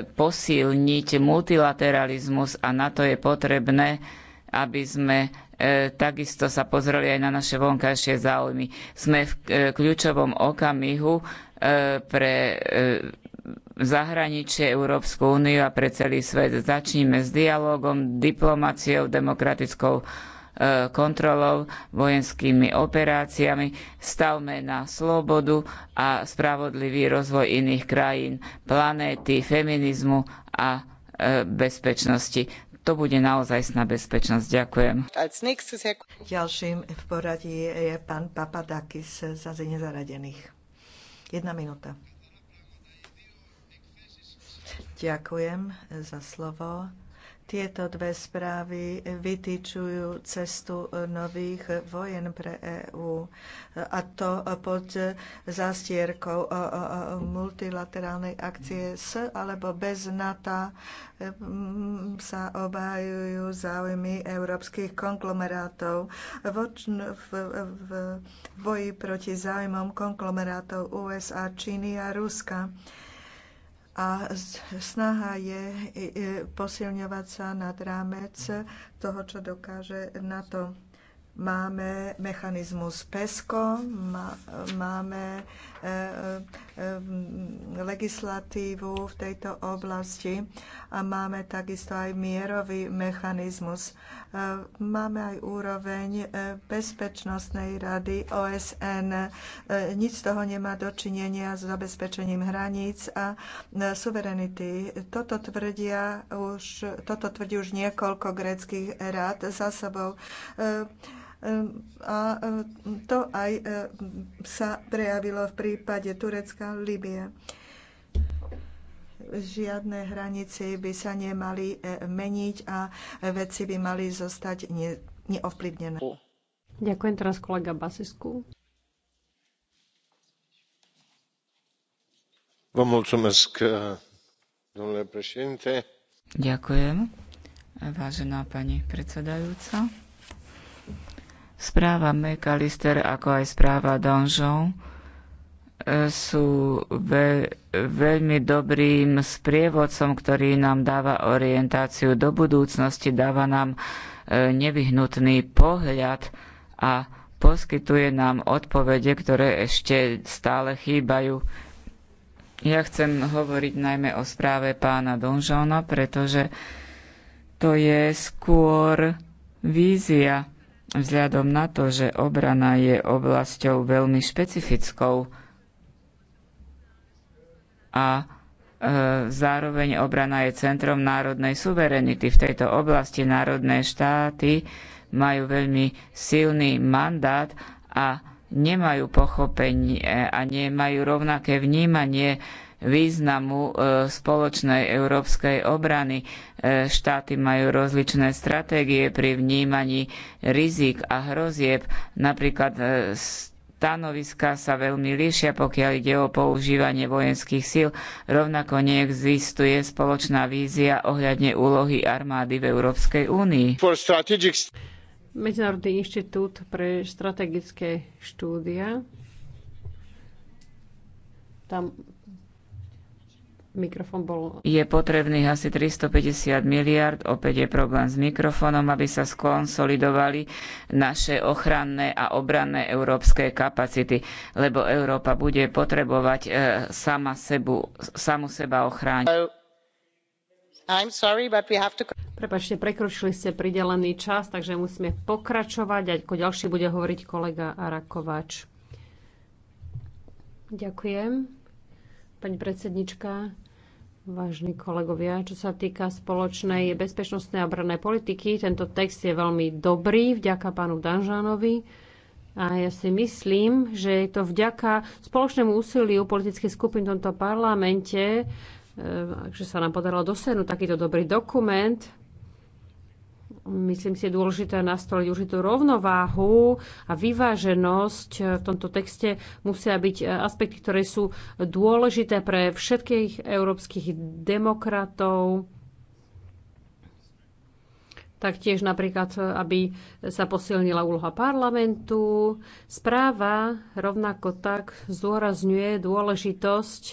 posilniť multilateralizmus a na to je potrebné, aby sme E, takisto sa pozreli aj na naše vonkajšie záujmy. Sme v e, kľúčovom okamihu e, pre zahraničie, Európsku úniu a pre celý svet. Začníme s dialogom, diplomáciou, demokratickou kontrolou, vojenskými operáciami, stavme na slobodu a spravodlivý rozvoj iných krajín, planéty, feminizmu a bezpečnosti to bude naozaj sná bezpečnosť. Ďakujem. Ďalším v poradí je pán Papadakis za nezaradených. Jedna minúta. Ďakujem za slovo. Tieto dve správy vytýčujú cestu nových vojen pre EÚ a to pod zástierkou multilaterálnej akcie s alebo bez NATO mm, sa obhajujú záujmy európskych konglomerátov v, v, v boji proti záujmom konglomerátov USA, Číny a Ruska a snaha je posilňovať sa nad rámec toho, čo dokáže na to. Máme mechanizmus PESCO, máme e, Ehm, legislatívu v tejto oblasti a máme takisto aj mierový mechanizmus. Ehm, máme aj úroveň ehm, Bezpečnostnej rady OSN. Nič z toho nemá dočinenia s zabezpečením hraníc a suverenity. Toto, tvrdia už, toto tvrdí už niekoľko gréckých rád za sebou a e, to aj e, sa prejavilo v prípade Turecka a Libie. Žiadne hranice by sa nemali e, meniť a veci by mali zostať neovplyvnené. Ďakujem teraz kolega Basisku. Ďakujem, vážená pani predsedajúca. Správa McAllister ako aj správa Donjon e, sú ve, veľmi dobrým sprievodcom, ktorý nám dáva orientáciu do budúcnosti, dáva nám e, nevyhnutný pohľad a poskytuje nám odpovede, ktoré ešte stále chýbajú. Ja chcem hovoriť najmä o správe pána Donžona, pretože to je skôr vízia Vzhľadom na to, že obrana je oblasťou veľmi špecifickou a e, zároveň obrana je centrom národnej suverenity. V tejto oblasti národné štáty majú veľmi silný mandát a nemajú pochopenie a nemajú rovnaké vnímanie významu e, spoločnej európskej obrany. E, štáty majú rozličné stratégie pri vnímaní rizik a hrozieb. Napríklad e, stanoviská sa veľmi líšia, pokiaľ ide o používanie vojenských síl. Rovnako neexistuje spoločná vízia ohľadne úlohy armády v Európskej únii. Medzinárodný inštitút pre strategické štúdia tam Mikrofón bol... Je potrebných asi 350 miliard, opäť je problém s mikrofónom, aby sa skonsolidovali naše ochranné a obranné európske kapacity, lebo Európa bude potrebovať e, sama sebu, samu seba ochrániť. To... Prepačte, prekročili ste pridelený čas, takže musíme pokračovať. Ako ďalší bude hovoriť kolega Arakovač. Ďakujem. Pani predsednička, Vážni kolegovia, čo sa týka spoločnej bezpečnostnej a obrannej politiky, tento text je veľmi dobrý, vďaka pánu Danžánovi. A ja si myslím, že je to vďaka spoločnému úsiliu politických skupín v tomto parlamente, eh, že sa nám podarilo dosiahnuť takýto dobrý dokument myslím si, je dôležité nastoliť určitú rovnováhu a vyváženosť. V tomto texte musia byť e, aspekty, ktoré sú dôležité pre všetkých európskych demokratov. Taktiež napríklad, e, aby sa posilnila úloha parlamentu. Správa rovnako tak zdôrazňuje dôležitosť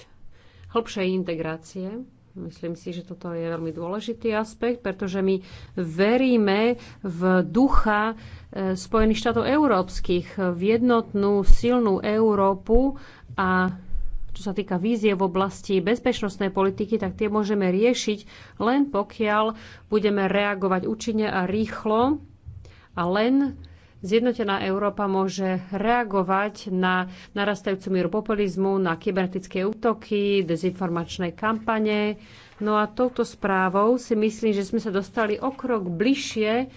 hĺbšej integrácie Myslím si, že toto je veľmi dôležitý aspekt, pretože my veríme v ducha e, Spojených štátov európskych, v jednotnú silnú Európu a čo sa týka vízie v oblasti bezpečnostnej politiky, tak tie môžeme riešiť len pokiaľ budeme reagovať účinne a rýchlo a len Zjednotená Európa môže reagovať na narastajúcu mieru populizmu, na kybernetické útoky, dezinformačné kampane. No a touto správou si myslím, že sme sa dostali o krok bližšie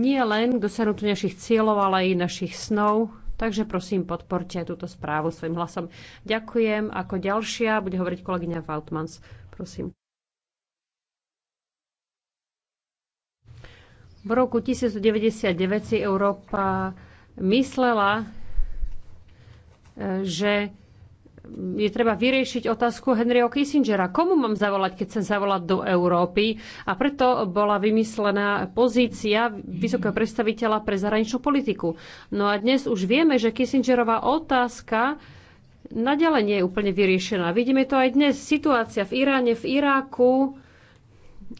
nie len k dosiahnutiu našich cieľov, ale aj našich snov. Takže prosím, podporte túto správu svojim hlasom. Ďakujem. Ako ďalšia bude hovoriť kolegyňa Valtmans. Prosím. V roku 1999 si Európa myslela, e, že je treba vyriešiť otázku Henryho Kissingera. Komu mám zavolať, keď chcem zavolať do Európy? A preto bola vymyslená pozícia vysokého predstaviteľa pre zahraničnú politiku. No a dnes už vieme, že Kissingerová otázka naďalej nie je úplne vyriešená. Vidíme to aj dnes. Situácia v Iráne, v Iráku,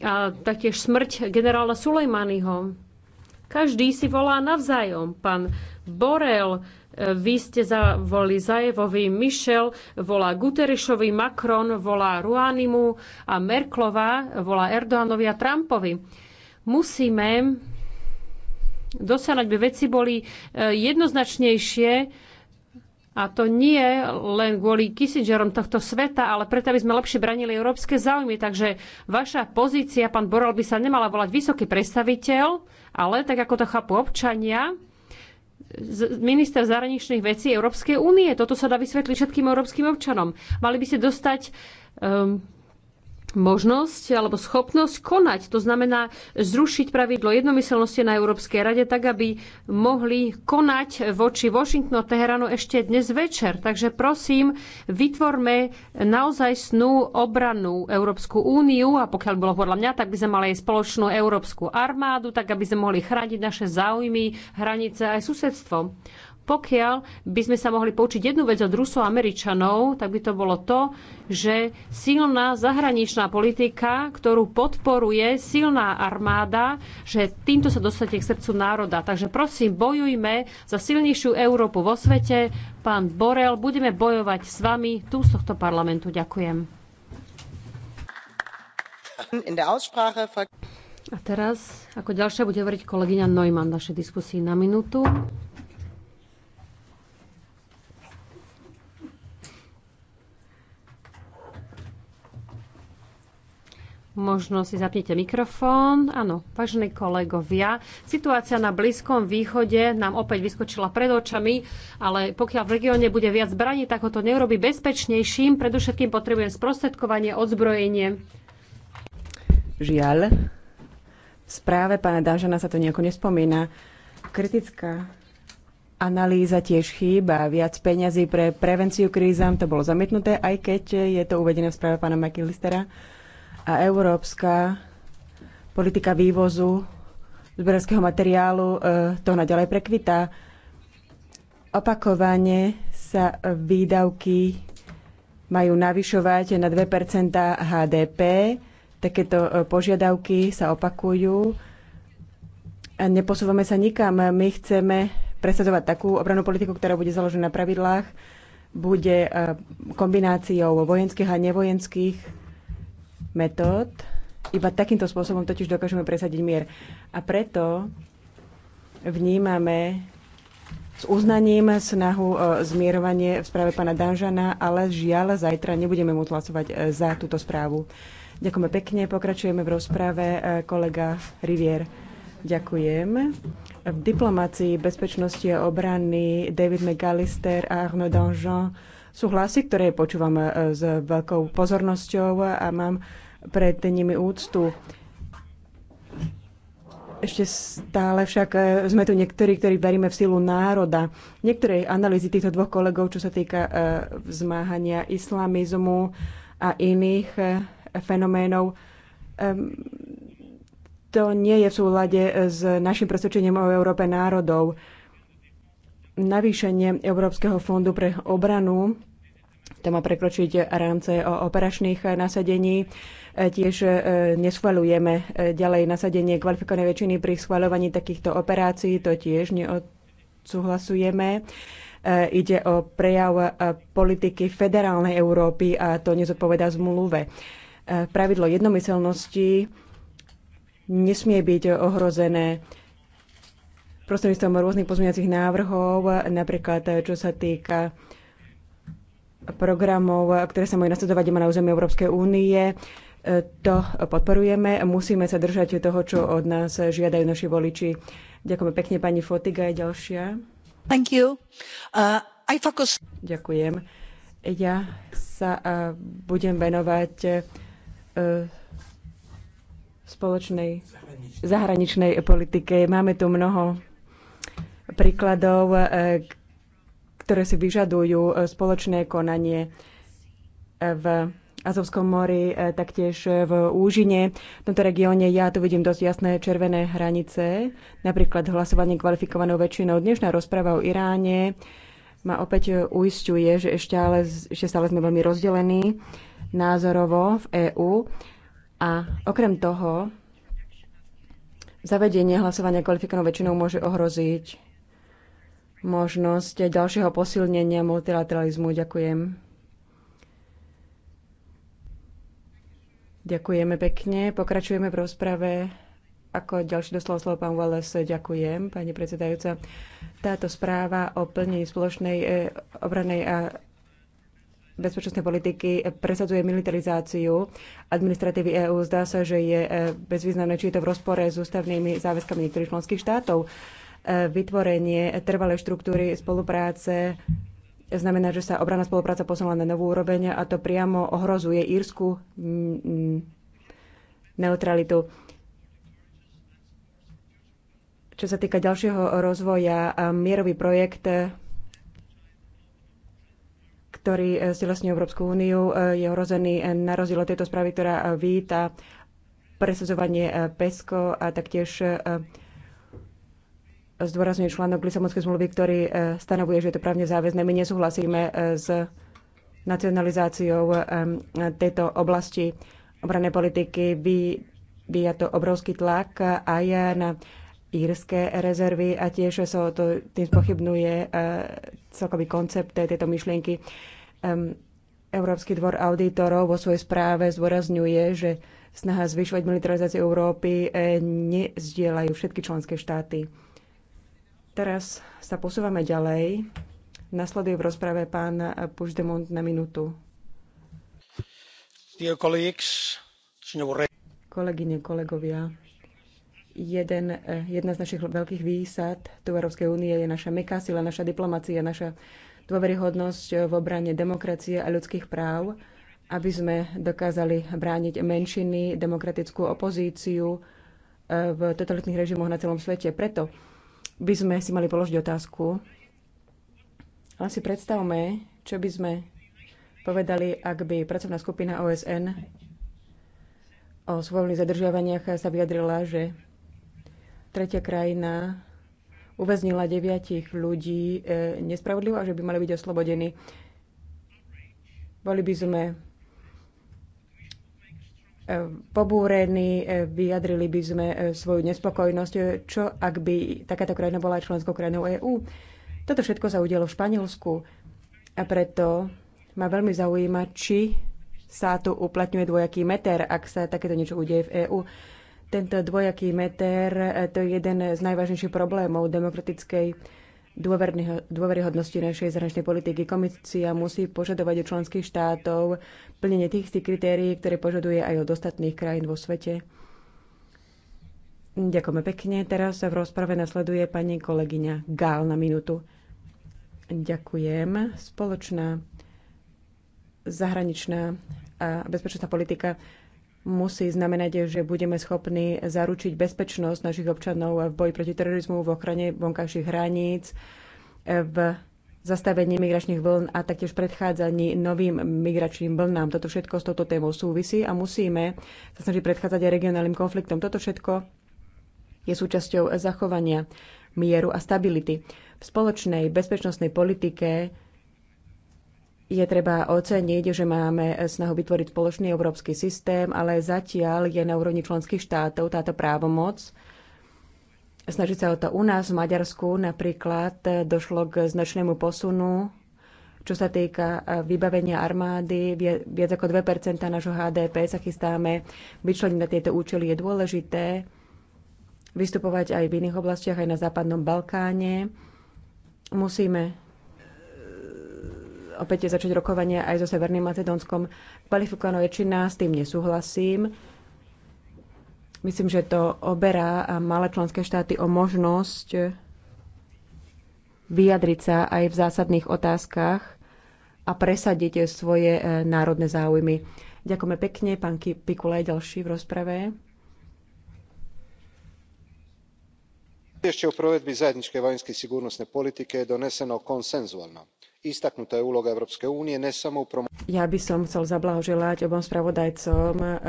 a taktiež smrť generála Sulejmányho. Každý si volá navzájom. Pán Borel, e, vy ste zavolali Zajevovi, Michel volá Guterišovi, Macron volá Ruanimu a Merklova volá Erdoánovi a Trumpovi. Musíme dosiahnuť, aby veci boli e, jednoznačnejšie, a to nie len kvôli Kissingerom tohto sveta, ale preto, aby sme lepšie branili európske záujmy. Takže vaša pozícia, pán Borel, by sa nemala volať vysoký predstaviteľ, ale tak ako to chápu občania, minister zahraničných vecí Európskej únie. Toto sa dá vysvetliť všetkým európskym občanom. Mali by ste dostať um, možnosť alebo schopnosť konať. To znamená zrušiť pravidlo jednomyselnosti na Európskej rade tak, aby mohli konať voči Washingtonu a Teheranu ešte dnes večer. Takže prosím, vytvorme naozaj snú obranu Európsku úniu a pokiaľ bolo podľa mňa, tak by sme mali aj spoločnú Európsku armádu, tak aby sme mohli chrániť naše záujmy, hranice aj susedstvo. Pokiaľ by sme sa mohli poučiť jednu vec od Rusov a Američanov, tak by to bolo to, že silná zahraničná politika, ktorú podporuje silná armáda, že týmto sa dostate k srdcu národa. Takže prosím, bojujme za silnejšiu Európu vo svete. Pán Borel, budeme bojovať s vami tu z tohto parlamentu. Ďakujem. A teraz, ako ďalšia bude hovoriť kolegyňa Neumann v našej diskusii na minútu. Možno si zapnite mikrofón. Áno, vážení kolegovia, situácia na Blízkom východe nám opäť vyskočila pred očami, ale pokiaľ v regióne bude viac zbraní, tak ho to neurobi bezpečnejším. Predovšetkým potrebujem sprostredkovanie, odzbrojenie. Žiaľ, v správe pána Dážana sa to nejako nespomína. Kritická analýza tiež chýba. Viac peňazí pre prevenciu krízam to bolo zamietnuté, aj keď je to uvedené v správe pána McAllistera a európska politika vývozu zberského materiálu e, to naďalej prekvitá. Opakovane sa výdavky majú navyšovať na 2 HDP. Takéto e, požiadavky sa opakujú. A neposúvame sa nikam. My chceme presadzovať takú obranú politiku, ktorá bude založená na pravidlách, bude e, kombináciou vojenských a nevojenských metód. Iba takýmto spôsobom totiž dokážeme presadiť mier. A preto vnímame s uznaním snahu o zmierovanie v správe pána Danžana, ale žiaľ zajtra nebudeme môcť hlasovať e, za túto správu. Ďakujeme pekne, pokračujeme v rozprave e, kolega Rivier. Ďakujem. V diplomácii, bezpečnosti a obrany David McAllister a Arnaud Danjean sú hlasy, ktoré počúvam e, s veľkou pozornosťou a mám pred nimi úctu. Ešte stále však e, sme tu niektorí, ktorí veríme v silu národa. Niektoré analýzy týchto dvoch kolegov, čo sa týka e, vzmáhania islamizmu a iných e, fenoménov, to nie je v súlade s našim presvedčením o Európe národov. Navýšenie Európskeho fondu pre obranu to má prekročiť rámce o operačných nasadení. Tiež e, neschvalujeme e, ďalej nasadenie kvalifikovanej väčšiny pri schvaľovaní takýchto operácií, to tiež neodsúhlasujeme. E, ide o prejav politiky federálnej Európy a to nezodpovedá zmluve. Pravidlo jednomyselnosti nesmie byť ohrozené prostredníctvom rôznych pozmeňacích návrhov, napríklad čo sa týka programov, ktoré sa majú nasledovať na území Európskej únie. To podporujeme. Musíme sa držať toho, čo od nás žiadajú naši voliči. Ďakujeme pekne pani Fotiga. Je ďalšia. Thank you. Uh, I focus... Ďakujem. Ja sa uh, budem venovať uh, spoločnej zahraničnej. zahraničnej politike. Máme tu mnoho príkladov, uh, ktoré si vyžadujú e, spoločné konanie e, v Azovskom mori, e, taktiež v Úžine. V tomto regióne ja tu vidím dosť jasné červené hranice, napríklad hlasovanie kvalifikovanou väčšinou. Dnešná rozpráva o Iráne ma opäť uistuje, že ešte ale, ešte stále sme veľmi rozdelení názorovo v EÚ. A okrem toho, zavedenie hlasovania kvalifikovanou väčšinou môže ohroziť možnosť ďalšieho posilnenia multilateralizmu. Ďakujem. Ďakujeme pekne. Pokračujeme v rozprave. Ako ďalší doslov slovo pán Welles, ďakujem, pani predsedajúca. Táto správa o plnení spoločnej e, obranej a bezpečnostnej politiky presadzuje militarizáciu administratívy EÚ. Zdá sa, že je e, bezvýznamné, či je to v rozpore s ústavnými záväzkami niektorých členských štátov vytvorenie trvalej štruktúry spolupráce znamená, že sa obranná spolupráca posunula na novú úroveň a to priamo ohrozuje írsku mm, neutralitu. Čo sa týka ďalšieho rozvoja, mierový projekt, ktorý stelesňuje Európsku úniu, je ohrozený na rozdiel od tejto správy, ktorá víta presadzovanie PESCO a taktiež zdôrazňuje článok Lisabonskej zmluvy, ktorý e, stanovuje, že je to právne záväzné. My nesúhlasíme e, s nacionalizáciou e, tejto oblasti obranej politiky. Vyvíja to obrovský tlak aj na írske rezervy a tiež sa to tým spochybnuje celkový koncept tejto myšlienky. Európsky dvor auditorov vo svojej správe zdôrazňuje, že snaha zvyšovať militarizáciu Európy nezdieľajú všetky členské štáty. Teraz sa posúvame ďalej. Nasleduje v rozprave pán Puždemont na minútu. Kolegyne, kolegovia, jeden, jedna z našich veľkých výsad tu Európskej únie je naša meká sila, naša diplomacia, naša dôveryhodnosť v obrane demokracie a ľudských práv, aby sme dokázali brániť menšiny, demokratickú opozíciu eh, v totalitných režimoch na celom svete. Preto by sme si mali položiť otázku. Ale si predstavme, čo by sme povedali, ak by pracovná skupina OSN o svojich zadržiavaniach sa vyjadrila, že tretia krajina uväznila deviatich ľudí e, nespravodlivo a že by mali byť oslobodení. Boli by sme pobúrení, e, vyjadrili by sme e, svoju nespokojnosť, e, čo ak by takáto krajina bola aj členskou krajinou EÚ. Toto všetko sa udialo v Španielsku a preto ma veľmi zaujíma, či sa tu uplatňuje dvojaký meter, ak sa takéto niečo udeje v EÚ. Tento dvojaký meter to je jeden z najvážnejších problémov demokratickej dôveryhodnosti našej zahraničnej politiky. Komisia musí požadovať od členských štátov plnenie tých istých kritérií, ktoré požaduje aj od ostatných krajín vo svete. Ďakujeme pekne. Teraz sa v rozprave nasleduje pani kolegyňa Gál na minútu. Ďakujem. Spoločná zahraničná a bezpečnostná politika musí znamenať, že budeme schopní zaručiť bezpečnosť našich občanov v boji proti terorizmu, v ochrane vonkajších hraníc, v zastavení migračných vln a taktiež predchádzaní novým migračným vlnám. Toto všetko s touto témou súvisí a musíme sa snažiť predchádzať aj regionálnym konfliktom. Toto všetko je súčasťou zachovania mieru a stability. V spoločnej bezpečnostnej politike je treba oceniť, že máme snahu vytvoriť spoločný európsky systém, ale zatiaľ je na úrovni členských štátov táto právomoc. Snažiť sa o to u nás v Maďarsku napríklad došlo k značnému posunu, čo sa týka vybavenia armády. Viac ako 2 nášho HDP sa chystáme vyčleniť na tieto účely. Je dôležité vystupovať aj v iných oblastiach, aj na Západnom Balkáne. Musíme opäť začať rokovania aj so Severným Macedónskom. Kvalifikovaná väčšina s tým nesúhlasím. Myslím, že to oberá malé členské štáty o možnosť vyjadriť sa aj v zásadných otázkach a presadiť svoje eh, národné záujmy. Ďakujeme pekne. Pán Pikulaj ďalší v rozprave. izvješće o provedbi zajedničke vanjske i sigurnosne politike je doneseno konsenzualno. istaknuta je uloga europske unije ne samo u. ja by som chcel zablahoželať obom spravodajcom e,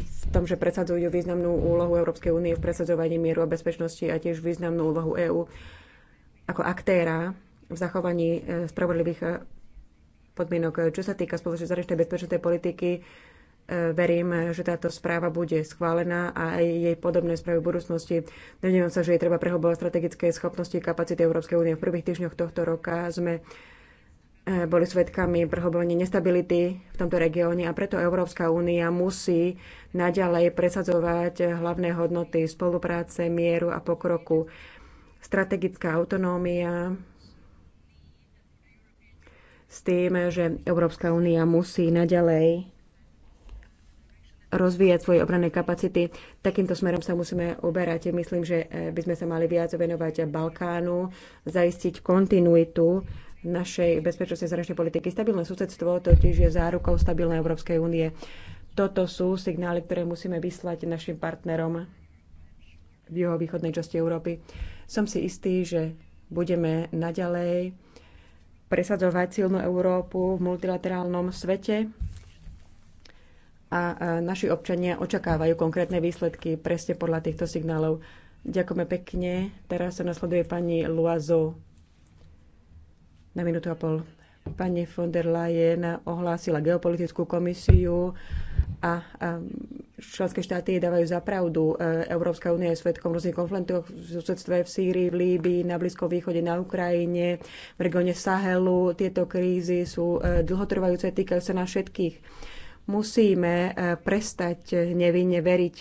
v tom že presadzujú významnú úlohu európskej únie v presadzovaní mieru a bezpečnosti a tiež významnú úlohu eú ako aktéra v zachovaní e, spravodlivých e, podmienok. Čo sa týka spoločnej zahraničnej bezpečnostnej politiky, Verím, že táto správa bude schválená a aj jej podobné správy v budúcnosti. Domnievam sa, že je treba prehlbovať strategické schopnosti a kapacity Európskej únie. V prvých týždňoch tohto roka sme e, boli svetkami prehlbovania nestability v tomto regióne a preto Európska únia musí naďalej presadzovať hlavné hodnoty spolupráce, mieru a pokroku. Strategická autonómia, s tým, že Európska únia musí naďalej rozvíjať svoje obranné kapacity. Takýmto smerom sa musíme uberať. Myslím, že e, by sme sa mali viac venovať Balkánu, zaistiť kontinuitu našej bezpečnostnej zračnej politiky. Stabilné susedstvo totiž je zárukou stabilnej Európskej únie. Toto sú signály, ktoré musíme vyslať našim partnerom v juhovýchodnej časti Európy. Som si istý, že budeme naďalej presadzovať silnú Európu v multilaterálnom svete a e, naši občania očakávajú konkrétne výsledky presne podľa týchto signálov. Ďakujeme pekne. Teraz sa nasleduje pani Luazo na minútu a pol. Pani von der Leyen ohlásila geopolitickú komisiu a, členské štáty dávajú za pravdu. E, Európska únia je svetkom rôznych konfliktov v susedstve v Sýrii, v Líbii, na Blízkom východe, na Ukrajine, v regióne Sahelu. Tieto krízy sú e, dlhotrvajúce, týkajú sa nás všetkých Musíme e, prestať nevinne veriť,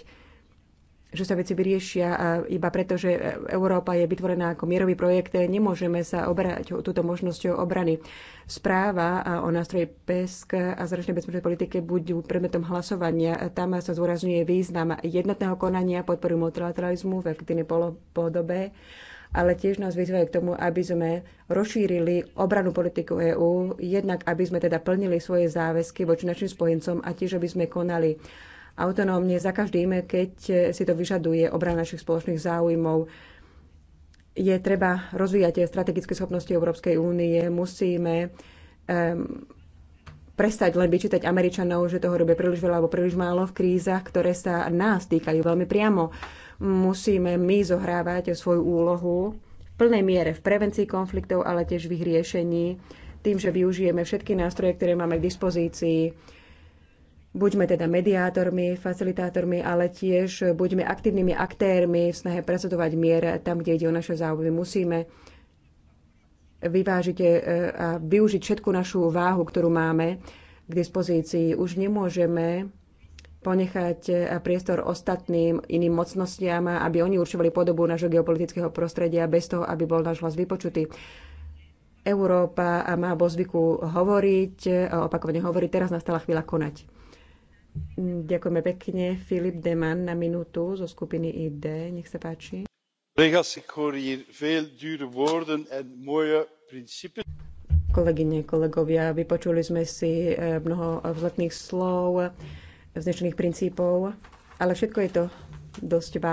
že sa veci vyriešia e, iba preto, že e, Európa je vytvorená ako mierový projekt. Nemôžeme sa obrať túto možnosťou obrany. Správa o nástroji PESK a zračnej bezpečnej politike budú predmetom hlasovania. Tam sa zdôrazňuje význam jednotného konania, podporu multilateralizmu v aktívnej podobe ale tiež nás vyzvajú k tomu, aby sme rozšírili obranú politiku EÚ, jednak aby sme teda plnili svoje záväzky voči našim spojencom a tiež aby sme konali autonómne za každým, keď si to vyžaduje obrana našich spoločných záujmov. Je treba rozvíjať strategické schopnosti Európskej únie, musíme um, prestať len vyčítať Američanov, že toho robia príliš veľa alebo príliš málo v krízach, ktoré sa nás týkajú veľmi priamo musíme my zohrávať svoju úlohu v plnej miere v prevencii konfliktov, ale tiež v ich riešení, tým, že využijeme všetky nástroje, ktoré máme k dispozícii. Buďme teda mediátormi, facilitátormi, ale tiež buďme aktívnymi aktérmi v snahe presudovať mier tam, kde ide o naše záujmy. Musíme vyvážiť e, a využiť všetku našu váhu, ktorú máme k dispozícii. Už nemôžeme ponechať e, priestor ostatným iným mocnostiam, aby oni určovali podobu nášho geopolitického prostredia bez toho, aby bol náš hlas vypočutý. Európa má vo zvyku hovoriť, e, opakovane hovoriť, teraz nastala chvíľa konať. Ďakujeme pekne. Filip Deman na minútu zo skupiny ID. Nech sa páči. Kolegyne, kolegovia, vypočuli sme si e, mnoho vzletných slov, vznešených princípov, ale všetko je to dosť vážne.